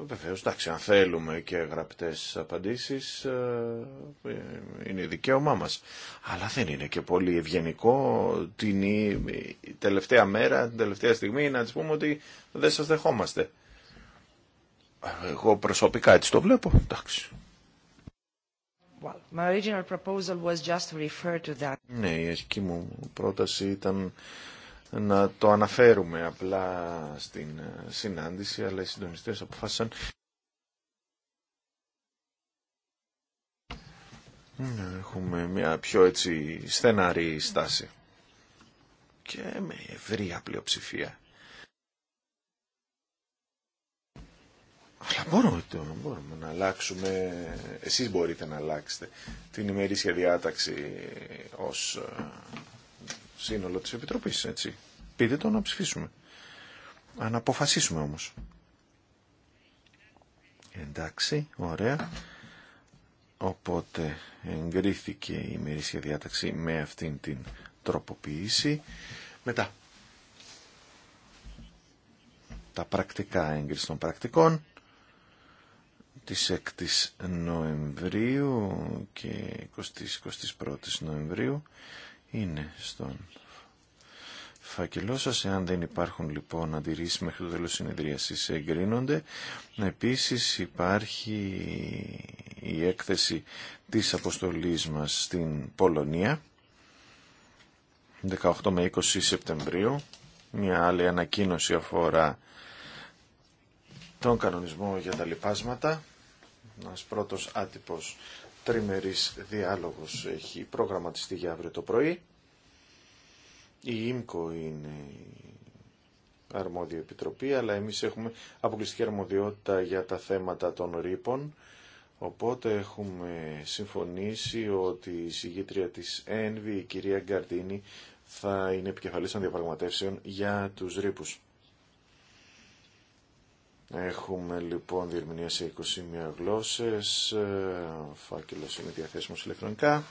Βεβαίως, εντάξει, αν θέλουμε και γραπτές απαντήσεις, ε, είναι δικαίωμά μα. Αλλά δεν είναι και πολύ ευγενικό την τελευταία μέρα, την τελευταία στιγμή, να τη πούμε ότι δεν σας δεχόμαστε. Εγώ προσωπικά έτσι το βλέπω, εντάξει. Ναι, η αρχική μου πρόταση ήταν να το αναφέρουμε απλά στην ε, συνάντηση, αλλά οι συντονιστές αποφάσισαν να έχουμε μια πιο έτσι στεναρή στάση και με ευρία πλειοψηφία. Αλλά μπορούμε, μπορούμε να αλλάξουμε, εσείς μπορείτε να αλλάξετε την ημερήσια διάταξη ως ε, σύνολο της Επιτροπής, έτσι. Πείτε το να ψηφίσουμε. Αν αποφασίσουμε όμως. Εντάξει, ωραία. Οπότε εγκρίθηκε η μερίσια διάταξη με αυτήν την τροποποίηση. Μετά. Τα πρακτικά έγκριση των πρακτικών της 6ης Νοεμβρίου και 20-21 Νοεμβρίου είναι στον φάκελό σας. Εάν δεν υπάρχουν λοιπόν αντιρρήσεις μέχρι το τέλος συνεδρίασης εγκρίνονται. Επίσης υπάρχει η έκθεση της αποστολής μας στην Πολωνία 18 με 20 Σεπτεμβρίου. Μια άλλη ανακοίνωση αφορά τον κανονισμό για τα λοιπάσματα. Ένα πρώτος άτυπος τριμερής διάλογος έχει προγραμματιστεί για αύριο το πρωί. Η ΙΜΚΟ είναι η αρμόδια επιτροπή, αλλά εμείς έχουμε αποκλειστική αρμοδιότητα για τα θέματα των ρήπων. Οπότε έχουμε συμφωνήσει ότι η συγγήτρια της ΕΝΒΗ, η κυρία Γκαρδίνη, θα είναι επικεφαλής των διαπραγματεύσεων για τους ρήπους. Έχουμε λοιπόν διερμηνία σε 21 γλώσσες, ε, ο φάκελος είναι διαθέσιμος ηλεκτρονικά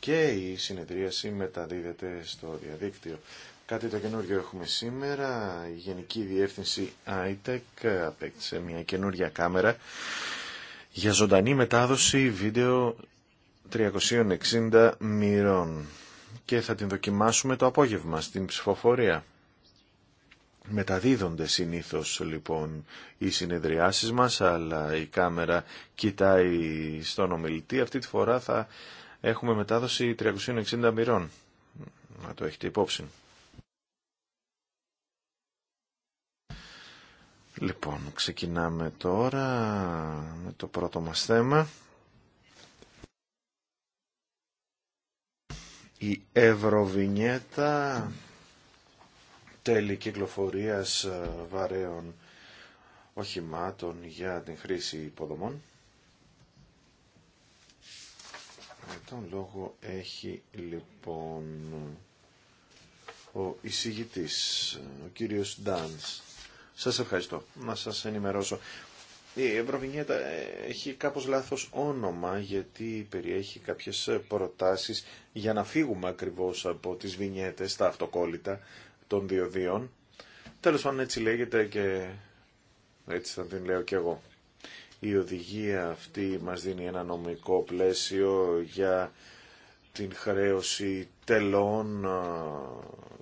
και η συνεδρίαση μεταδίδεται στο διαδίκτυο. Κάτι το καινούριο έχουμε σήμερα. Η Γενική Διεύθυνση ITEC απέκτησε μια καινούρια κάμερα για ζωντανή μετάδοση βίντεο 360 μοιρών και θα την δοκιμάσουμε το απόγευμα στην ψηφοφορία. Μεταδίδονται συνήθως λοιπόν οι συνεδριάσεις μας, αλλά η κάμερα κοιτάει στον ομιλητή. Αυτή τη φορά θα έχουμε μετάδοση 360 μοιρών. Να το έχετε υπόψη. Λοιπόν, ξεκινάμε τώρα με το πρώτο μας θέμα. Η Ευρωβινιέτα τέλη κυκλοφορίας ε, βαρέων οχημάτων για την χρήση υποδομών. Τον λόγο έχει λοιπόν ο εισηγητής, ο κύριος Ντάνς. Σας ευχαριστώ. Να σας ενημερώσω. Η Ευρωβινιέτα έχει κάπως λάθος όνομα γιατί περιέχει κάποιες προτάσεις για να φύγουμε ακριβώς από τις βινιέτες, τα αυτοκόλλητα των διοδίων. Τέλος πάντων έτσι λέγεται και έτσι θα την λέω και εγώ. Η οδηγία αυτή μας δίνει ένα νομικό πλαίσιο για την χρέωση τελών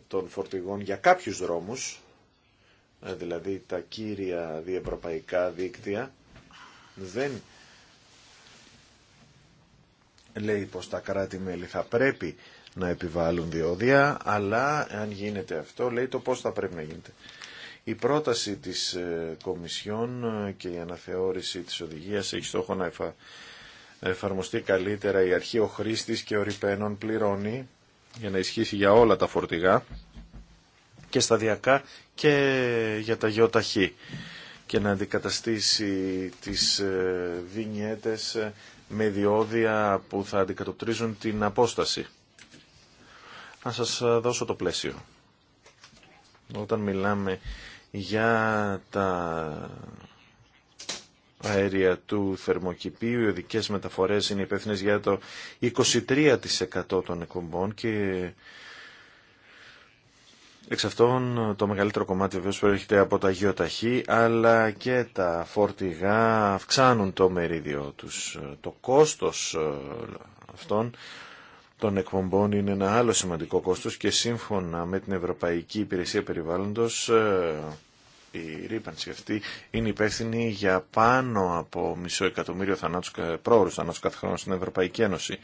των φορτηγών για κάποιους δρόμους, ε, δηλαδή τα κύρια διευρωπαϊκά δίκτυα, δεν λέει πως τα κράτη-μέλη θα πρέπει να επιβάλλουν διόδια, αλλά αν γίνεται αυτό λέει το πώς θα πρέπει να γίνεται. Η πρόταση της ε, Κομισιόν ε, και η αναθεώρηση της οδηγίας έχει στόχο να εφαρμοστεί καλύτερα η αρχή ο χρήστης και ο ρηπαίνων πληρώνει για να ισχύσει για όλα τα φορτηγά και σταδιακά και για τα γεωταχή και να αντικαταστήσει τις ε, βινιέτες με διόδια που θα αντικατοπτρίζουν την απόσταση. Να σας δώσω το πλαίσιο. Όταν μιλάμε για τα αέρια του θερμοκηπίου. Οι οδικές μεταφορές είναι υπεύθυνε για το 23% των εκπομπών και εξ αυτών το μεγαλύτερο κομμάτι βεβαίω προέρχεται από τα γεωταχή αλλά και τα φορτηγά αυξάνουν το μερίδιο τους. Το κόστος ε, αυτών των εκπομπών είναι ένα άλλο σημαντικό κόστος και σύμφωνα με την Ευρωπαϊκή Υπηρεσία Περιβάλλοντος ε, η ρήπανση αυτή είναι υπεύθυνη για πάνω από μισό εκατομμύριο θανάτους, ε, πρόωρους θανάτους κάθε χρόνο στην Ευρωπαϊκή Ένωση.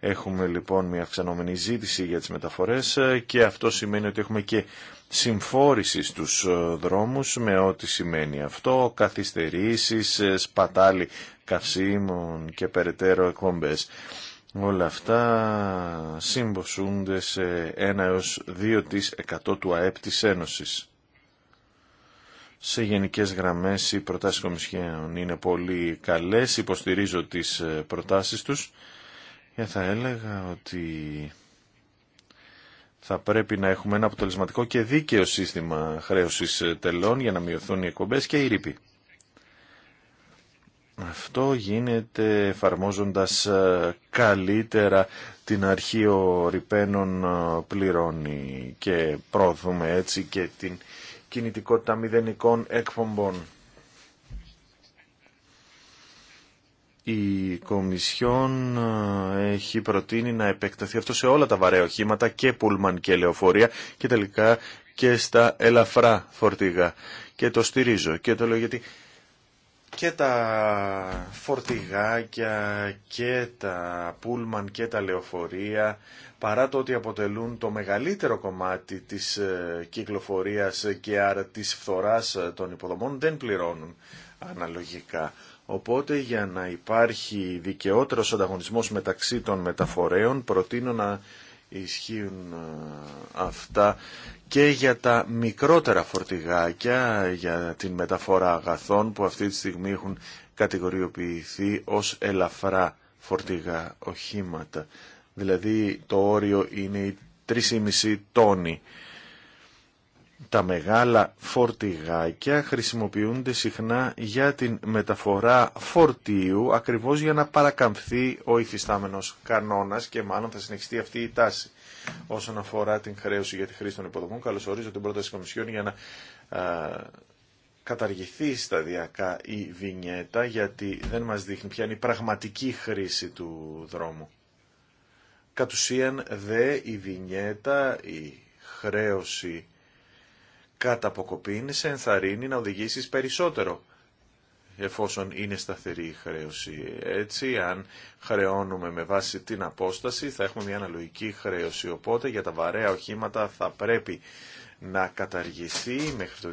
Έχουμε λοιπόν μια αυξανόμενη ζήτηση για τις μεταφορές ε, και αυτό σημαίνει ότι έχουμε και συμφόρηση στους δρόμους με ό,τι σημαίνει αυτό, καθυστερήσεις, σπατάλη καυσίμων και περαιτέρω εκπομπές. Όλα αυτά συμποσούνται σε 1 έως 2% του ΑΕΠ της Ένωσης. Σε γενικές γραμμές οι προτάσεις κομισιών είναι πολύ καλές, υποστηρίζω τις ε, προτάσεις τους και θα έλεγα ότι θα πρέπει να έχουμε ένα αποτελεσματικό και δίκαιο σύστημα χρέωσης ε, τελών για να μειωθούν οι εκπομπές και οι ρήποι. Αυτό γίνεται εφαρμόζοντας ε, καλύτερα την αρχή ο Ριπένων ε, πληρώνει και πρόθουμε έτσι και την κινητικότητα μηδενικών εκπομπών. Η Κομισιόν ε, έχει προτείνει να επεκταθεί αυτό σε όλα τα βαρέα οχήματα και πουλμαν και λεωφορεία και τελικά και στα ελαφρά φορτίγα. Και το στηρίζω και το λέω γιατί και τα φορτηγάκια και τα πούλμαν και τα λεωφορεία παρά το ότι αποτελούν το μεγαλύτερο κομμάτι της ε, κυκλοφορίας και άρα της φθοράς ε, των υποδομών δεν πληρώνουν αναλογικά. Οπότε για να υπάρχει δικαιότερος ανταγωνισμός μεταξύ των μεταφορέων προτείνω να ισχύουν ε, αυτά και για τα μικρότερα φορτηγάκια, για την μεταφορά αγαθών που αυτή τη στιγμή έχουν κατηγοριοποιηθεί ως ελαφρά φορτηγά οχήματα. Δηλαδή το όριο είναι οι 3,5 τόνοι. Τα μεγάλα φορτηγάκια χρησιμοποιούνται συχνά για την μεταφορά φορτίου ακριβώς για να παρακαμφθεί ο υφιστάμενος κανόνας και μάλλον θα συνεχιστεί αυτή η τάση. Όσον αφορά την χρέωση για τη χρήση των υποδομών, καλωσορίζω την πρόταση Κομισιόν για να καταργηθεί σταδιακά η βινιέτα γιατί δεν μας δείχνει ποια είναι η πραγματική χρήση του δρόμου. Κατ' ουσίαν δε η βινιέτα, η χρέωση κατά αποκοπή σε ενθαρρύνει να οδηγήσεις περισσότερο εφόσον είναι σταθερή η χρέωση. Έτσι, αν χρεώνουμε με βάση την απόσταση, θα έχουμε μια αναλογική χρέωση. Οπότε, για τα βαρέα οχήματα θα πρέπει να καταργηθεί μέχρι το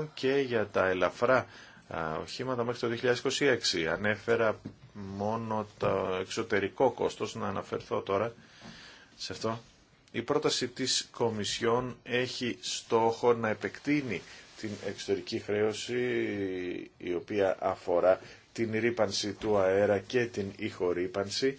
2022 και για τα ελαφρά οχήματα μέχρι το 2026. Ανέφερα μόνο το εξωτερικό κόστος, να αναφερθώ τώρα σε αυτό. Η πρόταση της Κομισιόν έχει στόχο να επεκτείνει την εξωτερική χρέωση η οποία αφορά την ρήπανση του αέρα και την ηχορύπανση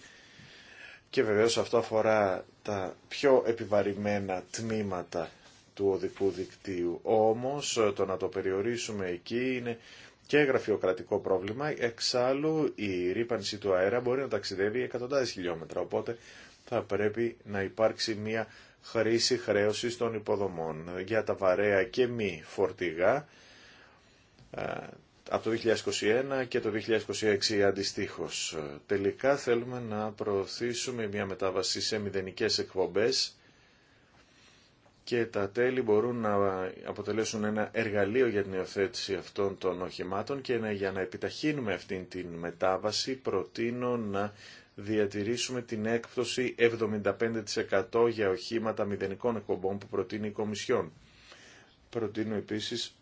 και βεβαίως αυτό αφορά τα πιο επιβαρημένα τμήματα του οδικού δικτύου. Όμως το να το περιορίσουμε εκεί είναι και γραφειοκρατικό πρόβλημα. Εξάλλου η ρήπανση του αέρα μπορεί να ταξιδεύει εκατοντάδες χιλιόμετρα, οπότε θα πρέπει να υπάρξει μια χρήση χρέωση των υποδομών για τα βαρέα και μη φορτηγά ε, από το 2021 και το 2026 αντιστοίχως. Τελικά θέλουμε να προωθήσουμε μια μετάβαση σε μηδενικές εκπομπές και τα τέλη μπορούν να αποτελέσουν ένα εργαλείο για την υιοθέτηση αυτών των οχημάτων και για να επιταχύνουμε αυτήν την μετάβαση προτείνω να διατηρήσουμε την έκπτωση 75% για οχήματα μηδενικών εκπομπών που προτείνει η Κομισιόν. Προτείνω επίσης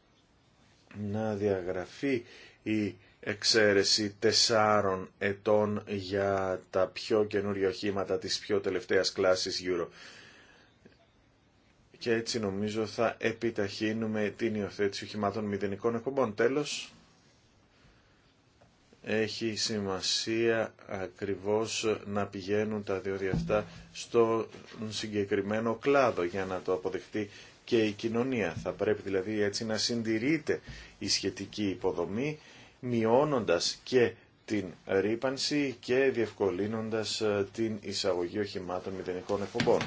να διαγραφεί η εξαίρεση τεσσάρων ετών για τα πιο καινούργια οχήματα της πιο τελευταίας κλάσης Euro. Και έτσι νομίζω θα επιταχύνουμε την υιοθέτηση οχημάτων μηδενικών εκπομπών. Τέλος, έχει σημασία ακριβώς να πηγαίνουν τα δύο αυτά στον συγκεκριμένο κλάδο για να το αποδεχτεί και η κοινωνία. Θα πρέπει δηλαδή έτσι να συντηρείται η σχετική υποδομή μειώνοντας και την ρήπανση και διευκολύνοντας την εισαγωγή οχημάτων μηδενικών εκπομπών.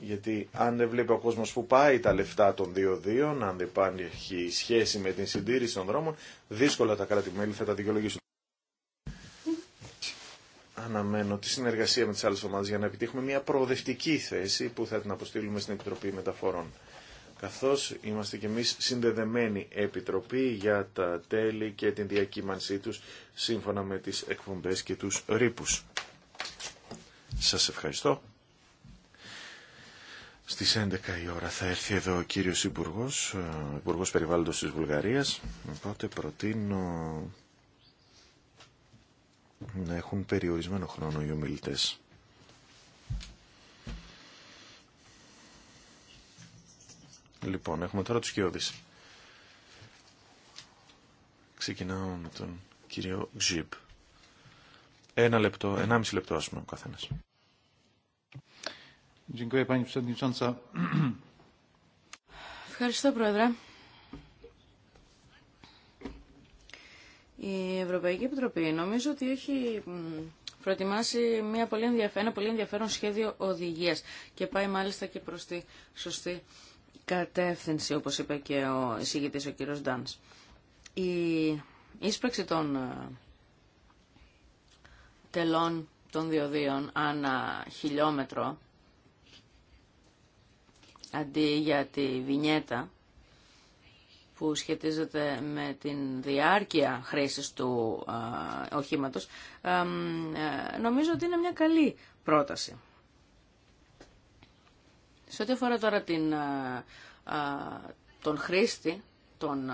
Γιατί αν δεν βλέπει ο κόσμος που πάει τα λεφτά των δύο δύο, αν δεν υπάρχει σχέση με την συντήρηση των δρόμων, δύσκολα τα κράτη-μέλη θα τα δικαιολογήσουν. Αναμένω τη συνεργασία με τις άλλες ομάδες για να επιτύχουμε μια προοδευτική θέση που θα την αποστείλουμε στην Επιτροπή Μεταφορών. Καθώς είμαστε και εμείς συνδεδεμένη Επιτροπή για τα τέλη και την διακύμανσή τους σύμφωνα με τις εκπομπές και τους ρήπους. Σας ευχαριστώ. Στις 11 η ώρα θα έρθει εδώ ο κύριος Υπουργός, Υπουργός Περιβάλλοντος της Βουλγαρίας. Οπότε προτείνω να έχουν περιορισμένο χρόνο οι ομιλητές. Λοιπόν, έχουμε τώρα τους κοιόδης. Ξεκινάω με τον κύριο Ζιπ. Ένα λεπτό, ενάμιση λεπτό ας πούμε ο καθένας. Ευχαριστώ, Πρόεδρε. Η Ευρωπαϊκή Επιτροπή νομίζω ότι έχει προετοιμάσει μια πολύ ένα πολύ ενδιαφέρον σχέδιο οδηγίας και πάει μάλιστα και προς τη σωστή κατεύθυνση, όπως είπε και ο εισηγητής ο κύριος Ντάνς. Η ίσπραξη των ε, τελών των διοδίων ανά χιλιόμετρο αντί για τη βινιέτα που σχετίζεται με την διάρκεια χρήσης του α, οχήματος, ε, νομίζω ότι είναι μια καλή πρόταση. Σε ό,τι αφορά τώρα την, τον χρήστη των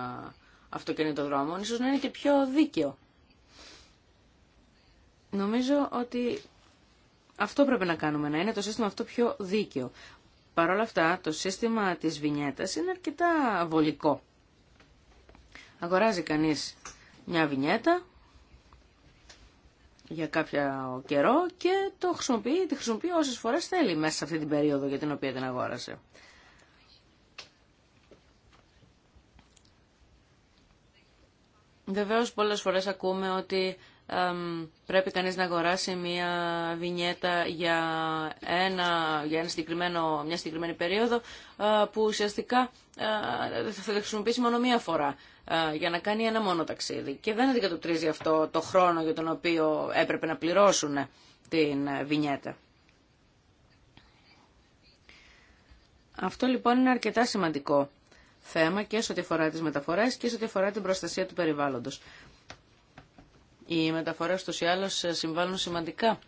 αυτοκινητοδρόμων, ίσως να είναι και πιο δίκαιο. Νομίζω ότι αυτό πρέπει να κάνουμε, να είναι το σύστημα αυτό πιο δίκαιο. Παρ' όλα αυτά, το σύστημα της βινιέτας είναι αρκετά βολικό. Αγοράζει κανείς μια βινιέτα για κάποιο καιρό και το χρησιμοποιεί, τη χρησιμοποιεί όσες φορές θέλει μέσα σε αυτή την περίοδο για την οποία την αγόρασε. Βεβαίως πολλές φορές ακούμε ότι πρέπει κανείς να αγοράσει μια βινιέτα για, ένα, για ένα συγκεκριμένο, μια συγκεκριμένη περίοδο ε, που ουσιαστικά ε, θα τη χρησιμοποιήσει μόνο μία φορά ε, για να κάνει ένα μόνο ταξίδι. Και δεν αντικατοπτρίζει αυτό το χρόνο για τον οποίο έπρεπε να πληρώσουν την βινιέτα. Αυτό λοιπόν είναι αρκετά σημαντικό θέμα και σε ό,τι αφορά τις μεταφορές και σε ό,τι αφορά την προστασία του περιβάλλοντος. Οι μεταφορές τους ή άλλως ε, συμβάλλουν σημαντικά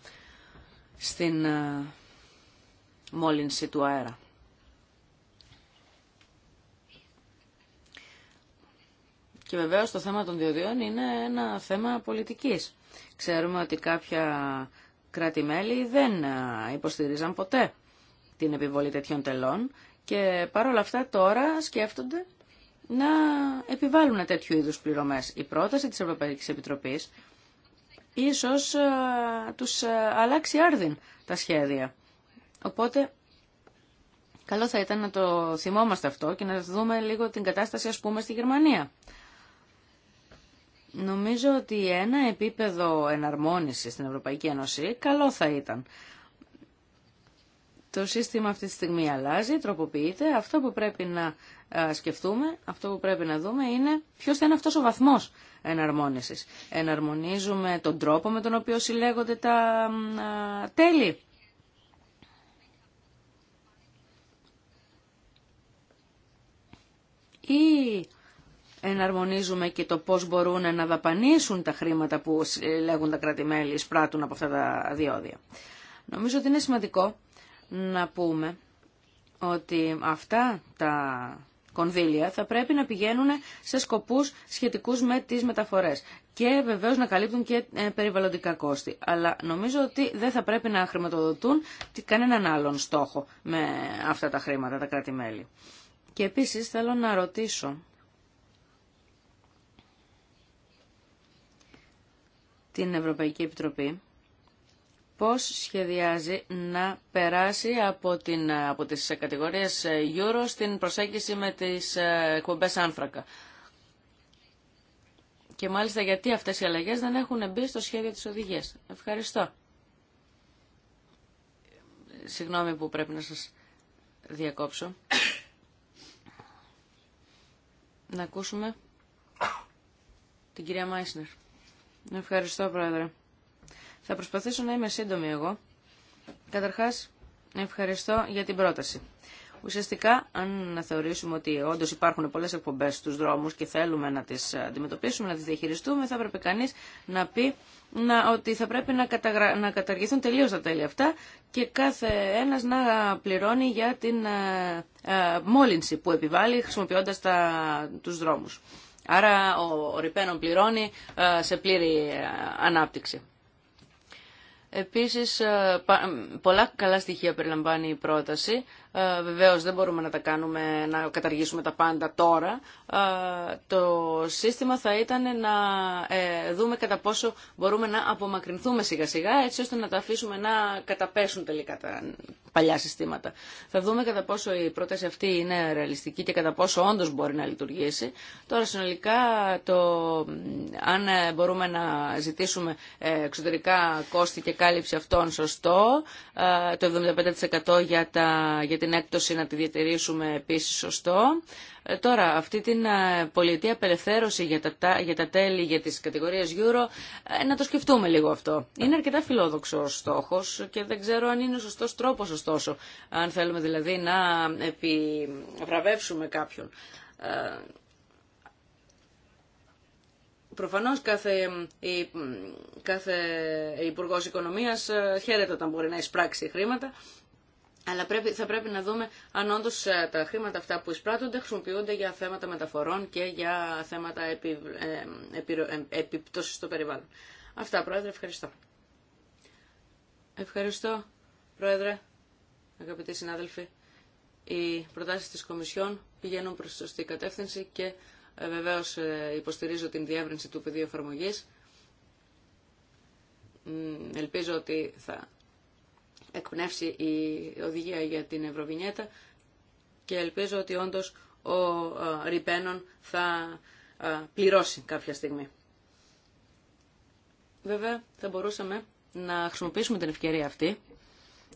στην ε, μόλυνση του αέρα. Και βεβαίως το θέμα των διοδίων είναι ένα θέμα πολιτικής. Ξέρουμε ότι κάποια κράτη-μέλη δεν ε, υποστηρίζαν ποτέ την επιβολή τέτοιων τελών και παρόλα αυτά τώρα σκέφτονται να επιβάλλουν τέτοιου είδους πληρωμές. Η πρόταση της Ευρωπαϊκής Επιτροπής ίσως ε, τους ε, αλλάξει άρδιν τα σχέδια. Οπότε καλό θα ήταν να το θυμόμαστε αυτό και να δούμε λίγο την κατάσταση ας πούμε στη Γερμανία. Νομίζω ότι ένα επίπεδο εναρμόνισης στην Ευρωπαϊκή Ένωση καλό θα ήταν. Το σύστημα αυτή τη στιγμή αλλάζει, τροποποιείται. Αυτό που πρέπει να ε, σκεφτούμε, αυτό που πρέπει να δούμε είναι ποιος θα είναι αυτός ο βαθμός εναρμόνισης. Εναρμονίζουμε τον τρόπο με τον οποίο συλλέγονται τα τέλη. Ή εναρμονίζουμε και το πώς μπορούν να δαπανίσουν τα χρήματα που λέγουν τα κράτη-μέλη, εισπράττουν από αυτά τα διόδια. Νομίζω ότι είναι σημαντικό να πούμε ότι αυτά τα κονδύλια θα πρέπει να πηγαίνουν σε σκοπούς σχετικούς με τις μεταφορές και βεβαίως να καλύπτουν και ε, περιβαλλοντικά κόστη. Αλλά νομίζω ότι δεν θα πρέπει να χρηματοδοτούν κανέναν άλλον στόχο με αυτά τα χρήματα, τα κράτη-μέλη. Και επίσης θέλω να ρωτήσω την Ευρωπαϊκή Επιτροπή πώς σχεδιάζει να περάσει από, την, από τις κατηγορίες ε, Euro στην προσέγγιση με τις ε, εκπομπέ άνθρακα. Και μάλιστα γιατί αυτές οι αλλαγές δεν έχουν μπει στο σχέδιο της οδηγίας. Ευχαριστώ. Συγγνώμη που πρέπει να σας διακόψω. να ακούσουμε την κυρία Μάισνερ. Ευχαριστώ, Πρόεδρε. Θα προσπαθήσω να είμαι σύντομη εγώ. Καταρχάς, ευχαριστώ για την πρόταση. Ουσιαστικά, αν θεωρήσουμε ότι όντω υπάρχουν πολλέ εκπομπέ στου δρόμου και θέλουμε να τι αντιμετωπίσουμε, να τι διαχειριστούμε, θα πρέπει κανεί να πει να, ότι θα πρέπει να, καταγρα... να καταργηθούν τελείω τα τέλη αυτά και κάθε ένα να πληρώνει για την ε, ε μόλυνση που επιβάλλει χρησιμοποιώντα του δρόμου. Άρα ο, Ριπένον πληρώνει ε, σε πλήρη ε, ανάπτυξη. Επίσης, ε, πολλά καλά στοιχεία περιλαμβάνει η πρόταση. Ε, βεβαίως δεν μπορούμε να τα κάνουμε, να καταργήσουμε τα πάντα τώρα. Ε, το σύστημα θα ήταν να ε, δούμε κατά πόσο μπορούμε να απομακρυνθούμε σιγά σιγά έτσι ώστε να τα αφήσουμε να καταπέσουν τελικά τα παλιά συστήματα. Θα δούμε κατά πόσο η πρόταση αυτή είναι ρεαλιστική και κατά πόσο όντως μπορεί να λειτουργήσει. Τώρα συνολικά το αν ε, μπορούμε να ζητήσουμε εξωτερικά κόστη και κάλυψη αυτών σωστό, το 75% για, τα, την έκπτωση να τη διατηρήσουμε επίσης σωστό. Ε, τώρα, αυτή την ε, πολιτική απελευθέρωση για τα, για τα τέλη για τις κατηγορίες Euro, ε, να το σκεφτούμε λίγο αυτό. Είναι αρκετά φιλόδοξο ο στόχος και δεν ξέρω αν είναι ο σωστός τρόπος ωστόσο, αν θέλουμε δηλαδή να επιβραβεύσουμε κάποιον. Προφανώς κάθε, η, κάθε Υπουργός Οικονομίας χαίρεται όταν μπορεί να εισπράξει χρήματα. Αλλά θα πρέπει να δούμε αν όντω ε, τα χρήματα αυτά που εισπράττονται χρησιμοποιούνται για θέματα μεταφορών και για θέματα επι, ε, ε, επιπτώσεις στο περιβάλλον. Αυτά, Πρόεδρε, ευχαριστώ. Ευχαριστώ, Πρόεδρε, αγαπητοί συνάδελφοι. Οι προτάσεις της Κομισιόν πηγαίνουν προς τη σωστή κατεύθυνση και βεβαίως υποστηρίζω την διεύρυνση του πεδίου εφαρμογή. Ελπίζω ότι θα εκπνεύσει η οδηγία για την Ευρωβινιέτα και ελπίζω ότι όντως ο ε, Ριπένον θα ε, πληρώσει κάποια στιγμή. Βέβαια θα μπορούσαμε να χρησιμοποιήσουμε την ευκαιρία αυτή,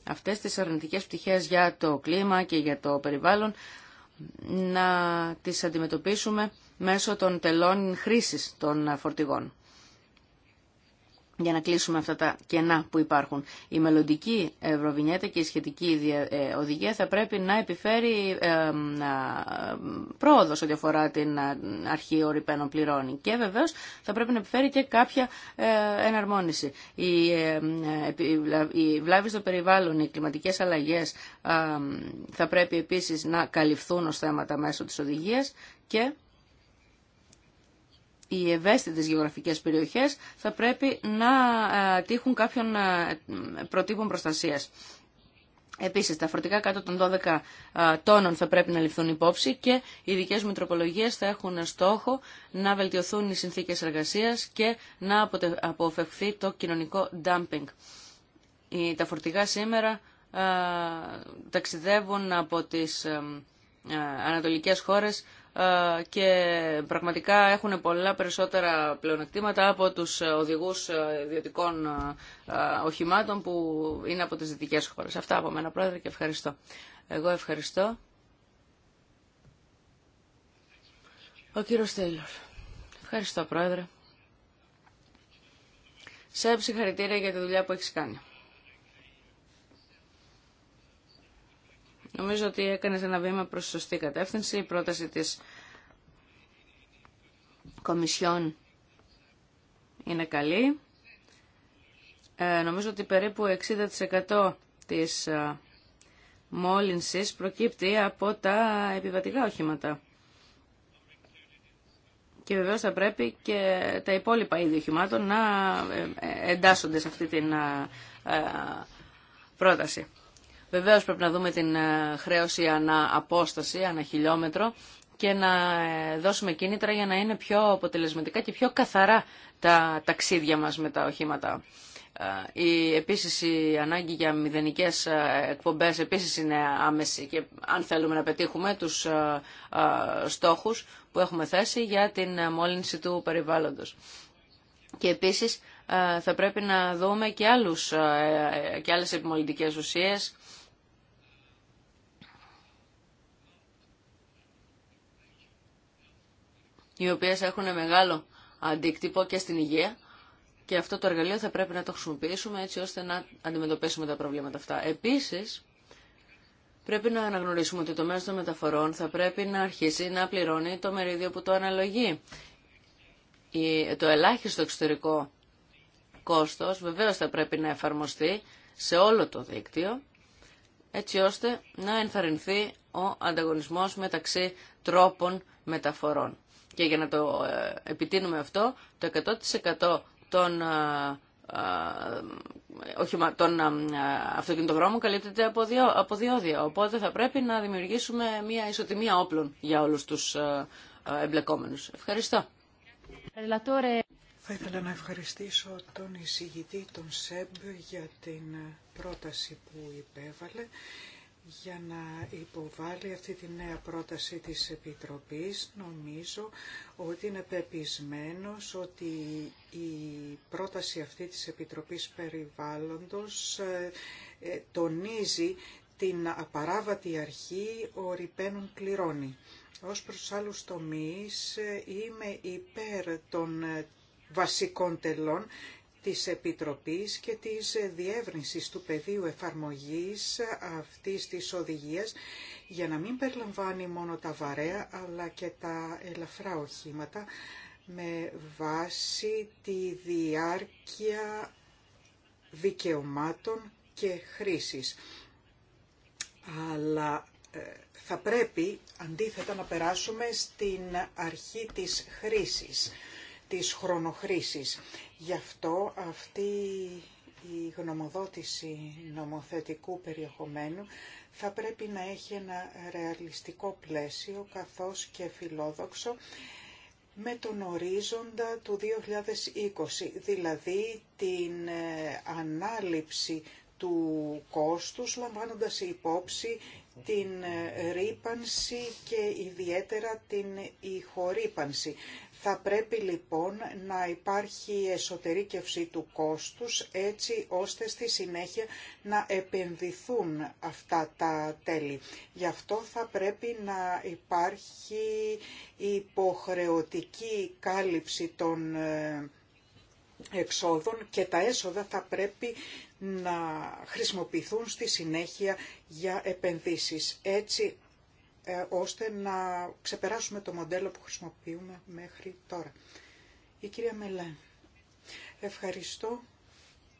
αυτές τις αρνητικές πτυχές για το κλίμα και για το περιβάλλον, να τις αντιμετωπίσουμε μέσω των τελών χρήσης των φορτηγών για να κλείσουμε αυτά τα κενά που υπάρχουν. Η μελλοντική Ευρωβινιέτα και η σχετική ε, οδηγία θα πρέπει να επιφέρει ε, πρόοδο ό,τι αφορά την ε, αρχή ορυπαίνων πληρώνει. Και βεβαίω θα πρέπει να επιφέρει και κάποια εναρμόνιση. Οι βλάβη στο περιβάλλον, οι κλιματικέ αλλαγέ θα πρέπει επίση να καλυφθούν ω θέματα μέσω τη οδηγία και οι ευαίσθητες γεωγραφικές περιοχές θα πρέπει να ε, τύχουν κάποιων ε, προτύπων προστασίας. Επίση, τα φορτικά κάτω των 12 ε, τόνων θα πρέπει να ληφθούν υπόψη και οι δικέ μου θα έχουν στόχο να βελτιωθούν οι συνθήκε εργασία και να αποφευχθεί το κοινωνικό dumping. Τα φορτικά σήμερα ταξιδεύουν από τι ανατολικές χώρες ε, και πραγματικά έχουν πολλά περισσότερα πλεονεκτήματα από τους ε, οδηγούς ε, ιδιωτικών οχημάτων που είναι από τις δυτικές χώρες. Αυτά από μένα, Πρόεδρε, και ευχαριστώ. Εγώ ευχαριστώ. Ο κύριος Τέιλορ. Ευχαριστώ, Πρόεδρε. Σε ευχαριστώ για τη δουλειά που έχεις κάνει. Νομίζω ότι έκανε ένα βήμα προς σωστή κατεύθυνση. Η πρόταση της Κομισιόν είναι καλή. Ε, νομίζω ότι περίπου 60% της ε, μόλυνσης προκύπτει από τα επιβατικά οχήματα. Και βεβαίως θα πρέπει και τα υπόλοιπα είδη οχημάτων να ε, εντάσσονται σε αυτή την πρόταση. Βεβαίως πρέπει να δούμε την ε, χρέωση ανά απόσταση, ανά χιλιόμετρο και να ε, δώσουμε κίνητρα για να είναι πιο αποτελεσματικά και πιο καθαρά τα ταξίδια μας με τα οχήματα. Ε, η, επίσης η ανάγκη για μηδενικές εκπομπές επίσης είναι άμεση και αν θέλουμε να πετύχουμε τους στόχους που έχουμε θέσει για την μόλυνση του περιβάλλοντος. Και επίσης θα πρέπει να δούμε και, άλλους, και άλλες επιμολυντικές ουσίες οι οποίε έχουν μεγάλο αντίκτυπο και στην υγεία και αυτό το εργαλείο θα πρέπει να το χρησιμοποιήσουμε έτσι ώστε να αντιμετωπίσουμε τα προβλήματα αυτά. Επίσης, πρέπει να αναγνωρίσουμε ότι το μέσο των μεταφορών θα πρέπει να αρχίσει να πληρώνει το μερίδιο που το αναλογεί. Το ελάχιστο εξωτερικό κόστος βεβαίω θα πρέπει να εφαρμοστεί σε όλο το δίκτυο, έτσι ώστε να ενθαρρυνθεί ο ανταγωνισμός μεταξύ τρόπων μεταφορών. Και για να το ε, επιτείνουμε αυτό, το 100% των ε, ε, των αυτοκινητοδρόμων καλύπτεται από, διό, από διόδια. Οπότε θα πρέπει να δημιουργήσουμε μια ισοτιμία όπλων για όλους τους εμπλεκόμενους. Ευχαριστώ. Θα ήθελα να ευχαριστήσω τον εισηγητή, τον ΣΕΜΠ, για την πρόταση που υπέβαλε για να υποβάλει αυτή τη νέα πρόταση της Επιτροπής. Νομίζω ότι είναι πεπισμένος ότι η πρόταση αυτή της Επιτροπής Περιβάλλοντος ε, ε, τονίζει την απαράβατη αρχή ο πληρώνει». κληρώνει. Ως προς άλλους τομείς ε, είμαι υπέρ των βασικών τελών της Επιτροπής και της διεύρυνσης του πεδίου εφαρμογής αυτής της οδηγίας για να μην περιλαμβάνει μόνο τα βαρέα αλλά και τα ελαφρά οχήματα με βάση τη διάρκεια δικαιωμάτων και χρήσης. Αλλά ε, θα πρέπει αντίθετα να περάσουμε στην αρχή της χρήσης, της χρονοχρήσης. Γι' αυτό αυτή η γνωμοδότηση νομοθετικού περιεχομένου θα πρέπει να έχει ένα ρεαλιστικό πλαίσιο καθώς και φιλόδοξο με τον ορίζοντα του 2020, δηλαδή την ε, ανάληψη του κόστους λαμβάνοντας υπόψη την ε, ρήπανση και ιδιαίτερα την ηχορύπανση. Θα πρέπει λοιπόν να υπάρχει εσωτερήκευση του κόστους έτσι ώστε στη συνέχεια να επενδυθούν αυτά τα τέλη. Γι' αυτό θα πρέπει να υπάρχει υποχρεωτική κάλυψη των ε, εξόδων και τα έσοδα θα πρέπει να χρησιμοποιηθούν στη συνέχεια για επενδύσεις, έτσι ε, ώστε να ξεπεράσουμε το μοντέλο που χρησιμοποιούμε μέχρι τώρα. Η κυρία Μελέν. Ευχαριστώ,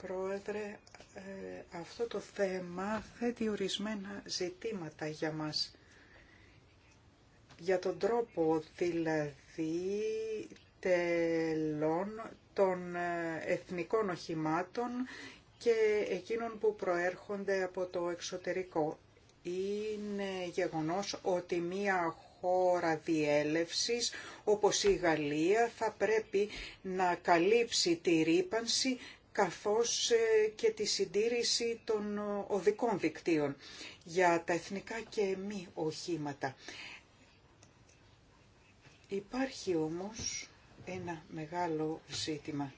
Πρόεδρε. Ε, αυτό το θέμα θέτει ορισμένα ζητήματα για μας. Για τον τρόπο δηλαδή τελών των ε, εθνικών οχημάτων και εκείνων που προέρχονται από το εξωτερικό είναι γεγονός ότι μία χώρα διέλευσης όπως η Γαλλία θα πρέπει να καλύψει τη ρήπανση καθώς ε, και τη συντήρηση των ε, οδικών δικτύων για τα εθνικά και μη οχήματα. Υπάρχει όμως ένα μεγάλο ζήτημα.